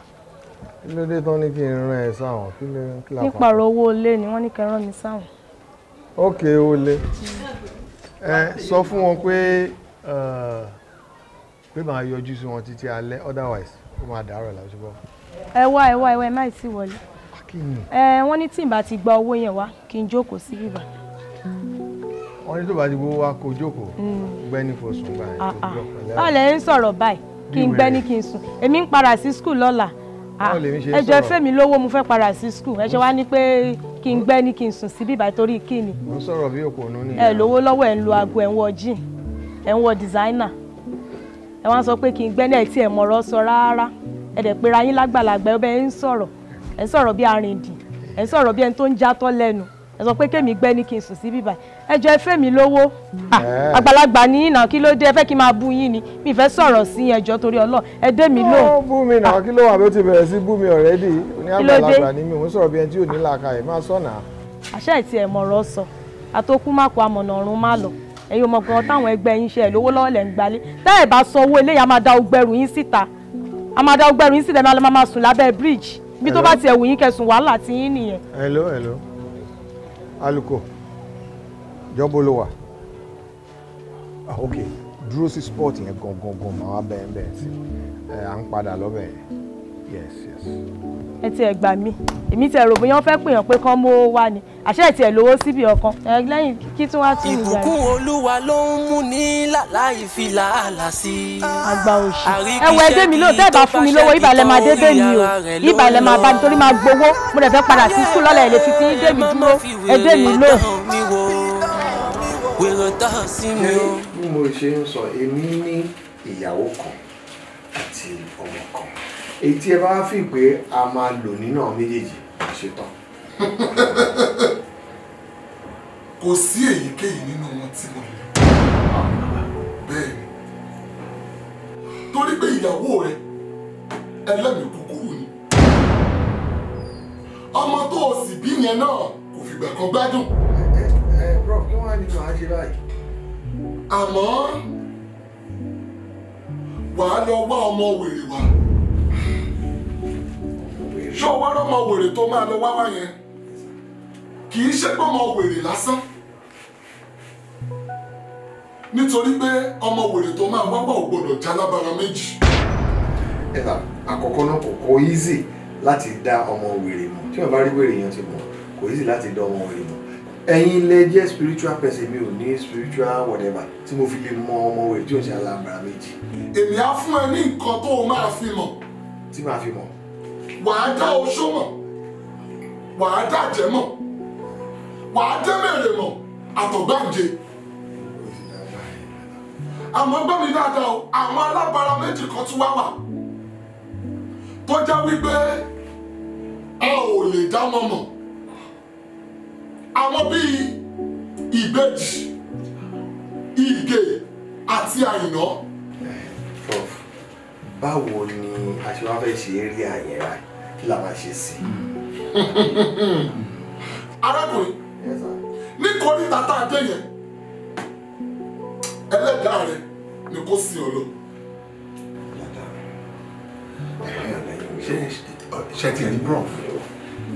kí ló dé tán ní kí n rán ẹ sáwọn kí ló ń kílà pa. nípa owó ilé ni wọ́n ní kẹ́ rán mi sáwọn. ok owó ẹ sọ fún wọn pé pé màá yọjú sí wọn títí alẹ́ otherwise ó máa dàárọ̀ làwọn ẹ wá ẹ wá ẹ wá ẹ má sí wọlé. ẹ wọ́n ní tí n ti gba owó yẹn wá kí n jókòó sí bíbá wọ́n ní tó bá ti gbowó wá kó jókòó hmm. gbẹ́ni kò sùn gbà yẹn. ọ̀lẹ́ ń sọ̀rọ̀ báyìí kí n gbẹ́ni kí n sùn èmi ń para sí skul lọ́la ah, ẹjọ́ ẹ fẹ́ mi lówó mo fẹ́ para sí skul ẹ ṣe wá ní pé kí n gbẹ́ni kí n sùn síbí báyìí torí kí ni. mo sọ̀rọ̀ bí òpó nù nìyẹn. ẹ lówó lọ́wọ́ ẹ̀ ń lo aago ẹ̀ ń wọ jean ẹ̀ ń wọ designer ẹ wá sọ pé kí n gbẹ́ni ẹ̀ tí ẹ̀ mọ̀rọ̀ sọ rárá ẹ dẹ̀ pera yín lágbàlagbà ẹ ń sọ̀rọ̀ ẹ ń sọ̀rọ̀ bí arìndìn ẹ ń sọ̀rọ̀ bí ẹni tó ń jatọ́ lẹ́nu ẹ sọ pé kémi gbẹ́ni kí n sùn síbí báyìí ẹ jọ̀ọ́ ẹ fẹ́ mi lówó ah. Ah, àgbàlagbà ní ìnà kí ló dé ẹ fẹ́ kí n máa bú yín ni mi fẹ́ sọ̀rọ̀ sí ẹ jọ̀ọ́ torí Ọlọ́run ẹ dé mi lóhùn. ó bú mi náà ah. kí ló wà ló ti bẹ̀rẹ̀ sí bú mi ọ̀rẹ́dì ní àgbàlagbà ni mi ò ń sọ̀rọ̀ bí ẹni tí ò ní làákàyè máa sọ̀nà. àṣà ìtì ẹ̀ mọ̀rọ̀ sọ àtòkù má kó amọ̀nà ọ̀run má lọ ẹ̀yin ọmọ gan táwọn ẹgbẹ́ yín ṣe ẹ̀ lówó lọ́wọ́ lẹ̀ ń gbalé tẹ́ ẹ̀ bá a máa da ọgbẹ́rù yín síta hello hello aluko jọ́bọ̀ ló wà ah ok dúró sí sport yẹn gangan màá wá bẹ́ẹ̀ bẹ́ẹ̀ sí ẹ eh, à ń padà lọ́bẹ̀ yẹn yes yes. ẹ ti ẹ̀ gbà mí èmi ti ẹ̀ rò bóyá wọ́n fẹ́ pèèyàn pé kán mú wá ni àṣẹ ẹ̀ ti ẹ̀ lówó síbi ọ̀kan ẹ lẹ́yìn kí tún wá tún ìjà. ìbùkún olúwa ló ń mú ní láì fi làálà sí i. àgbà òṣì ẹ wọ ẹdẹ mi lóò tẹ́ẹ̀ bá fún mi lówó ìbàlẹ̀ máa dé bẹ́ẹ̀ mi o ìbàlẹ̀ máa bá nítorí máa gbowó mo dẹ̀ fẹ́ padà sí skul lọ́lẹ̀ ẹ̀ lè fi ti dé mi dúró ẹdẹ mi lóò wèrò tó hàn sí mi o. bí mo ṣe ń sọ èmi ní ìyàwó kan àti ọmọ kan èyí ẹ bá fi pé a máa lò nínú àwọn méjèèjì ṣetán. kò sí èyíkéyìí nínú wọn tí mo lè bẹ́ẹ̀ ni torí pé ìyàwó rẹ ẹlẹ́mìí kúkúrú ni ọmọ tó o sì bí yẹn náà kò fìgbà kan gbádùn prof kí wọ́n á nínú àṣẹ báyìí. àmọ́ wàá lọ wá ọmọ wèrè wá ṣé o wá rọ́mọ wèrè tó máa lọ wá wá yẹn kì í ṣe pé ọmọ wèrè lásán nítorí pé ọmọ wèrè tó máa wá wá ò gbọdọ̀ jálábára méjì. ẹ bá àkọ́kọ́ náà kò kọ́ easy láti dá ọmọ wèrè mọ̀ tí wọ́n bá rí wèrè yẹn ti mọ̀ kò easy láti dá ọmọ wèrè mọ̀ ẹ̀yin lẹ jẹ́ spiritual person mi ò ní spiritual whatever tí mo fi lè mọ ọmọ rẹ̀ tí ò ṣe alábàárà méjì. èmi á fún ẹ ní nǹkan tó o máa fi mọ̀. tí màá fi mọ̀. wàá dá oṣó mọ̀ wàá dàjẹ́ mọ̀ wàá dẹ́mẹ̀rẹ̀ mọ̀ àtọ̀gbàǹje. àmọ́ gbọ́ mi dáadáa o àwọn alábàárà méjì kan tún wá wà tó já wípé a ò lè dá wọn mọ̀ àwọn bíi ìbejì ìgè àti àyìnà. prof báwo ni a ṣe wá fẹ́ ṣe eré àyẹ̀ rà kí la máa ṣe sí i. arákùnrin ní kòríta tá a dé yẹn ẹlẹ́dàá rẹ ni kò sí ọ lọ ṣe ti rí bro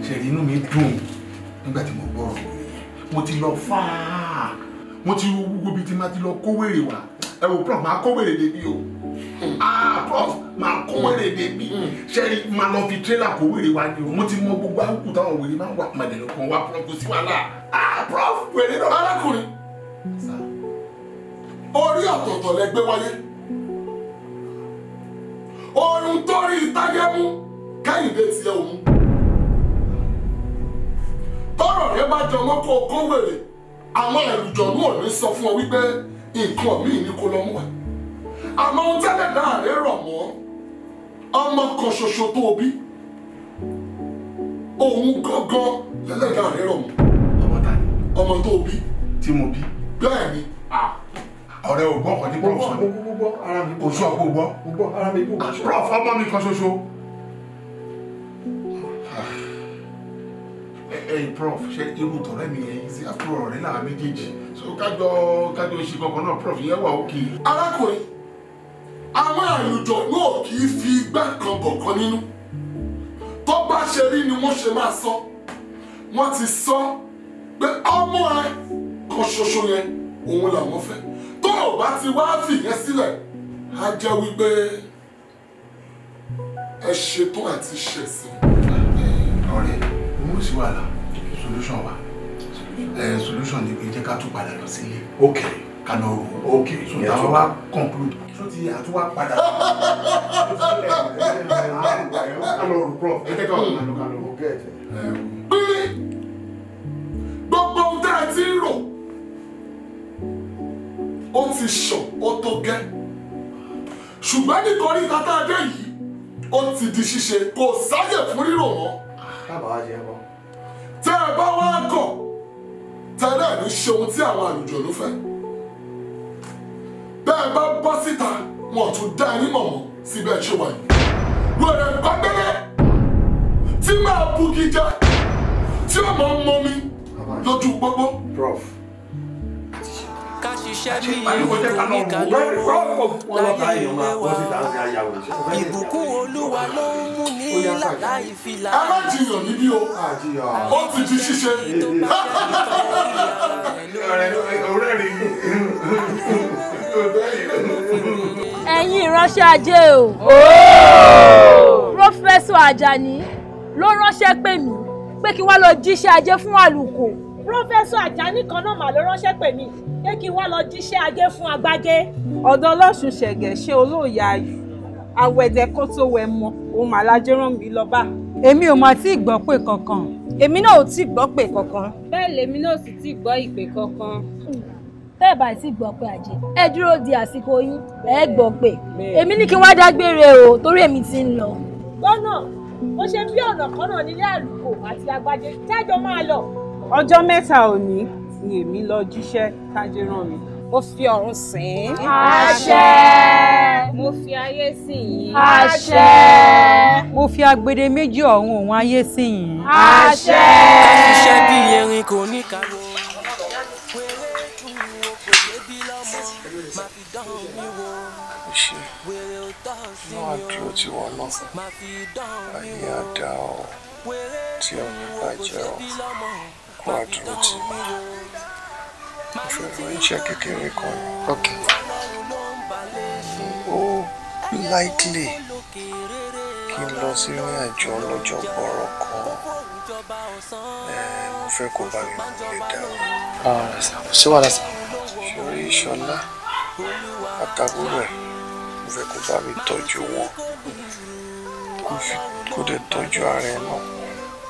ṣe rí inú mi dùn nígbà tí mo gbọ́rọ̀ kò yẹ mo ti lọ fáà mo ti wo gbogbo ibi tí ma ti lọ kówèrè wá ẹ wò prof máa kówèrè débi o ah prof máa kówèrè débi mm. ṣẹ́ni máa lọ fi tírélà kówèrè wá ni o mo ti mọ gbogbo àwùkù táwọn wèrè máa ń wà pàdé lọ́kàn wá prof kò sí wàhálà ah prof wèrè náà. arákùnrin orí ọ̀tọ̀ọ̀tọ̀ lẹ gbé wáyé oorun tó rí ìtàgé mú kẹ́yìndé tiẹ̀ òun tọ́rọ̀ rẹ bá jọ mọ́kọ kó wèrè àwọn ẹ̀rùjọ̀nú ò ní sọ fún ọ wípé nǹkan míì ní kó lọ mú wa àmọ́ ohun tẹ́lẹ̀ náà rẹ rọ̀ mọ́ ọmọ kan ṣoṣo tó o bí òun gangan lẹ́lẹ̀ náà rẹ rọ̀ mọ́ ọmọ ta ni ọmọ tó o bí tí mo bí bẹ́ẹ̀ ni ọ̀rẹ́ ò gbọ́ ọ̀kan ní pọ̀lọ́fọ́ ni oṣù àpò gbọ́ pọ̀lọ́fọ́ ọmọ mi kan ṣoṣo. ẹyin eh, eh, prof ṣe irú tọ̀rẹ́ mi yẹn sí àtúrò ọ̀rẹ́ náà méjèèjì so kájọ kájọ ṣe kankan náà prof yẹn wà òkè. arákùnrin àwọn àlùjọ náà kì í fi igbá kan bọ̀kan nínú tó bá ṣe rí ni wọ́n ṣe máa sọ wọ́n ti sọ pé ọmọ rẹ kan ṣoṣo yẹn òun làwọn fẹ́ tó o bá ti wá fìyẹn sílẹ̀ á jẹ́ wípé ẹ ṣetán àti ṣẹ̀sìn ọ̀rẹ́ sí wàhálà solution wa solution ni pé jẹ́ ká tún padà lọ sílé ká lọ rò ó so táwọn wá conclude So ti àtúwá padà ká lọ rò prof ẹ tẹ́ka ọ̀gá lọ ká lọ rò. pé gbogbo ohun tẹ́ ẹ ti ń rò ó ti sàn ó tó gẹ́ ṣùgbọ́n nítorí kátà dé yìí ó ti di ṣíṣe kò sáyè fún rírò mọ́. dábàá jẹ́ bọ́ tẹ́ ẹ bá wá gọ̀ tẹ́lẹ̀ ní ṣe ohun tí àwọn àlùjọ ló fẹ́ bẹ́ẹ̀ bá bọ́ síta wọn ò tún dá ẹni mọ̀mọ́ síbẹ̀ ṣe wà yìí wẹ̀rẹ̀ gbàgbẹ́lẹ́ tí máa bu gíga tí ó mọ̀ ń mọ mi lójú gbogbo. prof iṣẹ́ mi èèyàn kò ní ká lówó láyé ilé wa ìbùkún olúwa ló ń mú ní làlá ìfìlà. ẹ má jiyàn níbí o ó ti di ṣíṣe. ọ̀rẹ́ ìránṣẹ́ ajé o prọfẹsọ Àjàní ló ránṣẹ́ pè mí pé kí wá lọ jíṣẹ́ ajé fún àlùkò pírọfẹsọ àjání kan náà mà ló ránṣẹ́ pè mí pé kí n wá lọ jíṣẹ́ ajé fún agbájé. ọ̀dọ̀ ọlọ́sùn ṣẹ̀gẹ̀ ṣe olóòyà ayò àwẹ̀dẹ̀ kó tó wẹ̀ mọ́ òun màlájẹ́ rán mi lọ bá. èmi ò mà tí ì gbọ́ pé kankan. èmi náà ò tí ì gbọ́ pé kankan. bẹ́ẹ̀ lèmi náà sì tí ì gbọ́ ìpè kankan. tẹ́ ẹ̀ bá ti gbọ́ pé àjẹ ẹ dúró di àsìkò yín ẹ gbọ́ pé èmi ní kí n dágbére o torí èmi ti ń lọ. lọ́nà mo ṣe bí ọ̀nà kan náà nílé àlùkò àti àgbàjẹ tẹ́jọ máa lọ ọjọ́ mẹ́ta òní ni èmi lọ jíṣẹ́ tájé rán mi. mo fi ọ̀run sìn. àṣẹ. mo fi ayé sìn yín. àṣẹ. mo fi agbede méjì ọ̀run òun ayé sìn yín. àṣẹ. iṣẹ́ bí erin kò ní kàwé. náà dúró tí wọn lọ ayé àdá ọ tí ọmọ bàjẹ́ ọ wà dúró tì mí ìṣòro iṣẹ́ kékeré kan ok ó likely kí n lọ sí ìrìn àjò ọlọ́jọ́ gbọ́rọ̀ kan mo fẹ́ kó bá mi lè dáhùn. ṣé wàá lásán. ṣòro ìṣọlá àtàbúrò ẹ̀ mo fẹ́ kó bá mi tọ́jú wọn kó dẹ̀ tọ́jú ara ẹ̀ náà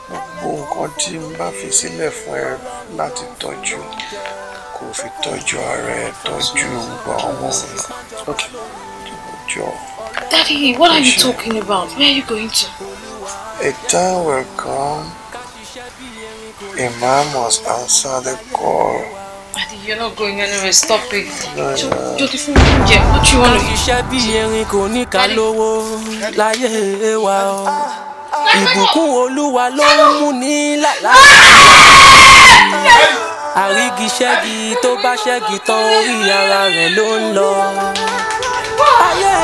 gbogbo nǹkan tí n bá fi sílẹ̀ fún ẹ láti tọ́jú kò fi tọ́jú ara ẹ tọ́jú gbogbo àwọn ọ̀nà jọ. Daddy, what are you talking about? Where are you going to? A time will come. A man must answer the call. Daddy, you're not going anywhere. Stop it. Jodi fún mi jẹ, what you want to eat? Iṣẹ́ bí ìbùkún olúwa ló ń mú ní làlá. àrígiṣẹ́gi tó bá ṣẹ́gi tán orí ara rẹ̀ ló ń lọ. ayé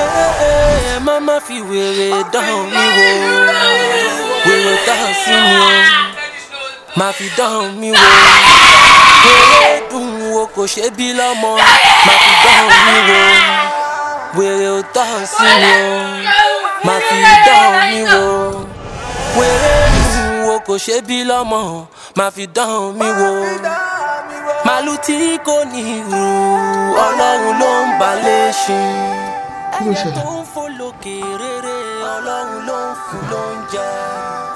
má má fi wèrè dán mi wò wèrè dán sí mi o má fi dán mi wò wèrè dùn wo kò ṣe bí lọ́mọ má fi dán mi wò wèrè ò sí mi o má fi dán mi wò wèrè mi wo kò ṣe bí lọ́mọ máa fi dán mi wò màálù tí kò ní ìrù ọlọ́run ló ń balẹ̀ ṣe ẹni tó ń fò lókè rere ọlọ́run ló ń fún lóúnjẹ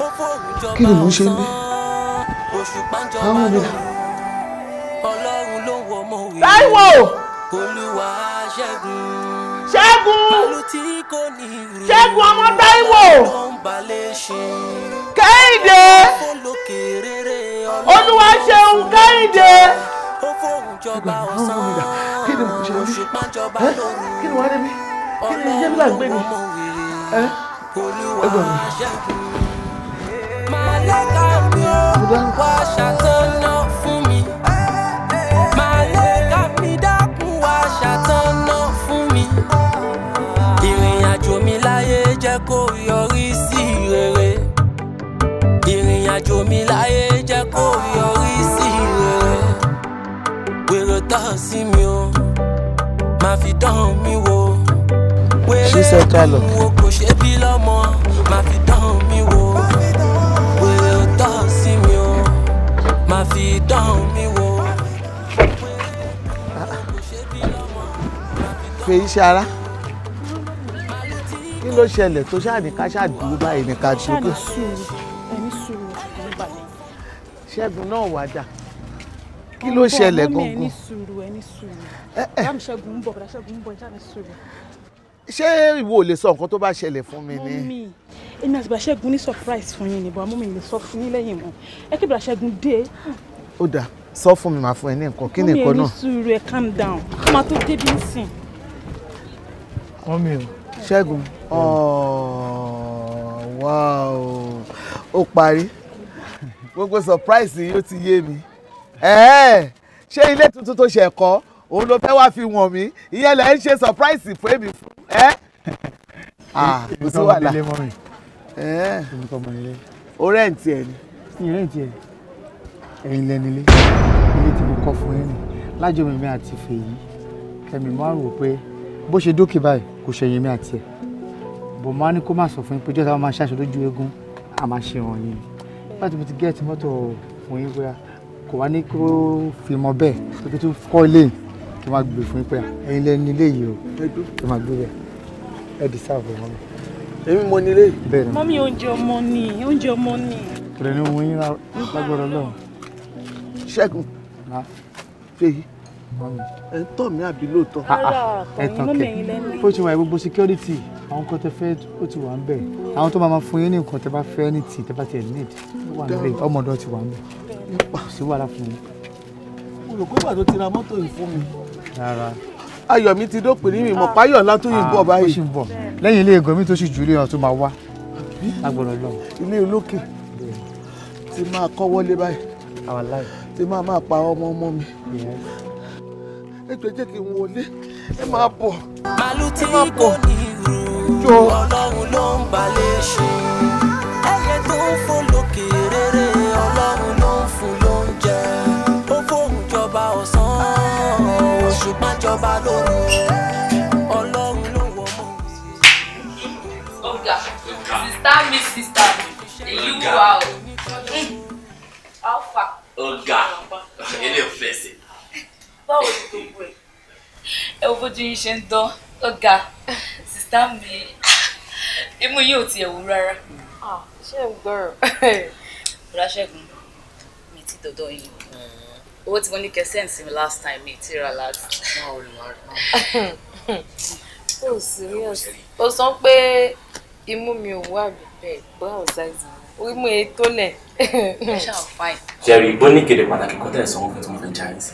ó fòun jọba ọ̀sán oṣù pàjọba ọlọ́run ló wọ̀ mọ́wé olúwa ṣẹ́gun ṣẹ́gun ṣẹ́gun ọmọ táíwò kẹ́hìndé olúwa ṣeun kẹ́hìndé. kí ni mo ṣe rí kí ni wàá rí mi kí ni yé mi láǹgbé ni ẹ gbà mí. Màlẹ́ka mi ó wá ṣàtọ́nà fún mi. ètò mi láyé jẹ́ kó yọrí sí rere wèrè tán sí mi o máa fi dán mi wò wèrè tán wo kò ṣe bí lọ́mọ máa fi dán mi wò wèrè tán sí mi o máa fi dán mi wò. fèyí ṣe ara kí ló ṣẹlẹ̀ tó ṣáà ní ká ṣáà dúró báyìí ní ká ṣe ṣẹ́gun náà wà dà kí ló ṣẹlẹ̀ gangan. ẹni sùúrù ẹni sùúrù bámi ṣẹ́gun ń bọ̀ bọ̀dá ṣẹ́gun ń bọ̀ ìjà ni sùúrù. ṣé ìwọ lè sọ nǹkan tó bá ṣẹlẹ̀ fún mi ni. èmi àti bàṣẹ́gun ní surprise fún yín ni bọ́ àmọ́ mi lè sọ fún yín lẹ́yìn mọ́ ẹ kí bàṣẹ́gun dé. ó dáa sọ fún mi màá fún ẹ ní nǹkan kí ni nǹkan náà. mọ́mí ẹni sùúrù ẹ calm down ó máa tó débi ń ṣẹ́gun ọ̀ọ́ wá o parí gbogbo surprise yìí ó ti yé mi ṣé ilé tuntun tó ṣe ẹ̀kọ́ òun ló fẹ́ wá fi wọ̀n mí ìyẹn lẹ̀ ń ṣe surprise fún èmi fún ẹ́ ah, kò sí wàhálà o rẹ́ǹtì ẹ̀ ni. rẹ́ǹtì ẹ̀ ẹ̀yin lẹ́ni ilé ilé tí mo kọ́ fún yín ni lájọ mímí àti fèyí kẹmí mo á rò pé bó ṣe dókè báyìí kò ṣẹyìn mi àti ẹ̀ bò máa ní kó má sọ fún yín pé jọ́ta máa ṣàṣọ lójú eégún a máa ṣe láti mo ti gẹ́ẹ̀tì mọ́tò fún yín bóyá kò wá ní kó fi mọ bẹ́ẹ̀ tó kí tún kọ́ ilé kí máa gbé fún yín pé ẹ̀yin lẹ ní ilé yìí o kí máa gbé bẹ́ẹ̀ ẹ̀ dì sáà fún mi. èmi mo ní ilé yìí. bẹ́ẹ̀ ni mọ́mí oúnjẹ ọmọ ni oúnjẹ ọmọ ni. kìrẹ́ni ohun yín lágbọ́dọ̀ lọ́wọ́. ṣẹ́gun ṣe yìí ẹ ń tọ̀ mí àbí lóòótọ́. Ah, ah, ẹ tàn kẹ bó ṣe wà gbogbo security àwọn nǹkan tẹ fẹ́ ó ti wà ń bẹ̀ àwọn tó máa ma fún yín ní nǹkan tẹ bá fẹ́ ní tì tẹ bá tiẹ̀ need ó wà ń bẹ̀ ọmọdé ti wà ń bẹ̀ sí wàhálà fún mi. olùkọ́ tó ti mọ́tò yìí fún mi. rárá ayọ̀ mi ti dópin ní ìmọ̀ páyọ̀ ńlá tó yìnbọn ah, báyìí. ó sì ń bọ̀ lẹ́yìn ilé ẹ̀gọ́ mi tó sì jù ilé tó máa wá agbọ̀rọ̀ lọ. ilé olókè ti máa kọ́ wọlé báyìí ti máa máa pa ọmọ ọmọ mi ẹ jọ̀ọ́ jẹ́ kí n wọlé ẹ máa bọ̀ ẹ máa bọ̀ jọ. ọlọ́run ló ń balẹ̀ ṣe ẹyẹ tó ń fò lókè rere ọlọ́run ló ń fún lóúnjẹ ó fóun jọba ọ̀sán òṣùpá jọba lóru ọlọ́run ló wọ̀ mọ́. ọ̀gá sista mi sista èyí wà ó alfa. ilé ò fẹsẹ̀ báwo ni gbogbo ẹ̀. ẹ wo bójú yín ṣe ń dán ọ̀gá sìstá mi imú yìí ò ti ẹ̀wù rárá. ṣé ń gbọ́rọ̀. ọ̀làṣẹ́gun mi ti dọ̀dọ̀ yìí mm-hmm. owó tí mo ní kẹsẹ́ǹsì mi last time mi ti ra láti. o serious o sọ pé imú mi ò wà bẹ́ẹ̀ báwo ṣáìsì imú ètò lẹ̀. ṣé àwọn fine. jerry bó ní kéde pàtàkì kọ́tẹ́ ìsanwó fún tí mo fẹ́ jáde sí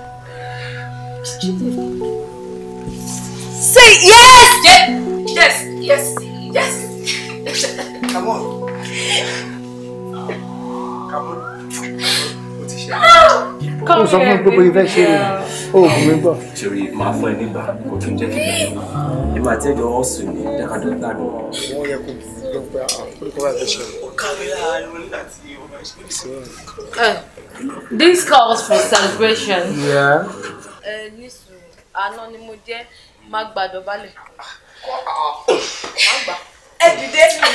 sọ fún gbogbo ìfẹ́ ṣe rẹ̀ oògùn mi gbọ́. ṣèrí máa fún ẹ nígbà kò kí n jẹ́ kí n gbà ẹ máa tẹ́jọ wọn sùn ní dákàdọ́ gbàdọ̀. wọ́n yẹ kó gbọ́ pé àkókò wà lẹ́sẹ̀. ó kàwé eh, This calls for celebration. ẹ eh, ní àná ni mo jẹ́ má gbàdọ̀ balẹ̀. Ah, má gbà ẹ dìde mi.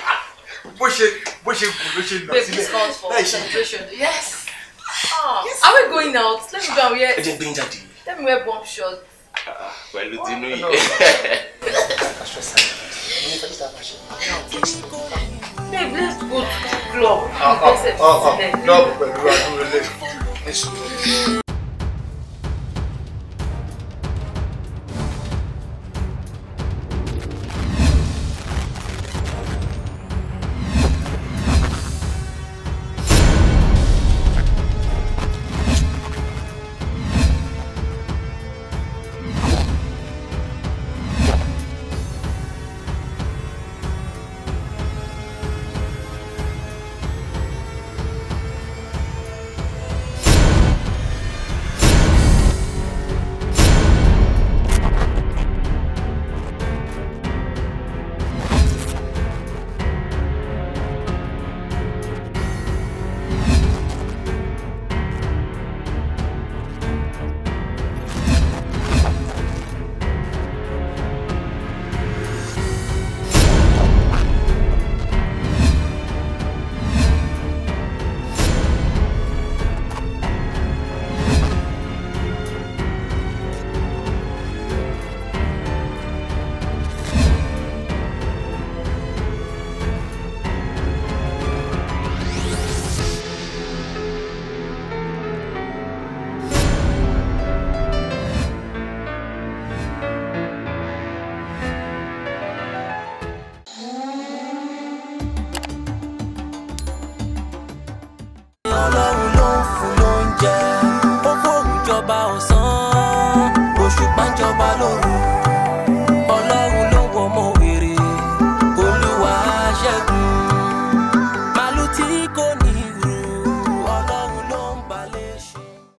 bó ṣe bó ṣe gùn ló ṣe nà sílẹ̀ láì ṣe. yes. Oh, yes. Are we going out? Let me go and wear. Ẹ jẹ́ gbé ń jáde. Let me wear bomb shot. Pẹ̀lú oh, tinú yìí. Babe, let's go to the club. Ọkọ̀ ah, ọkọ̀ ah, ah, club pẹ̀lú àdúrà lè ní sùúrù.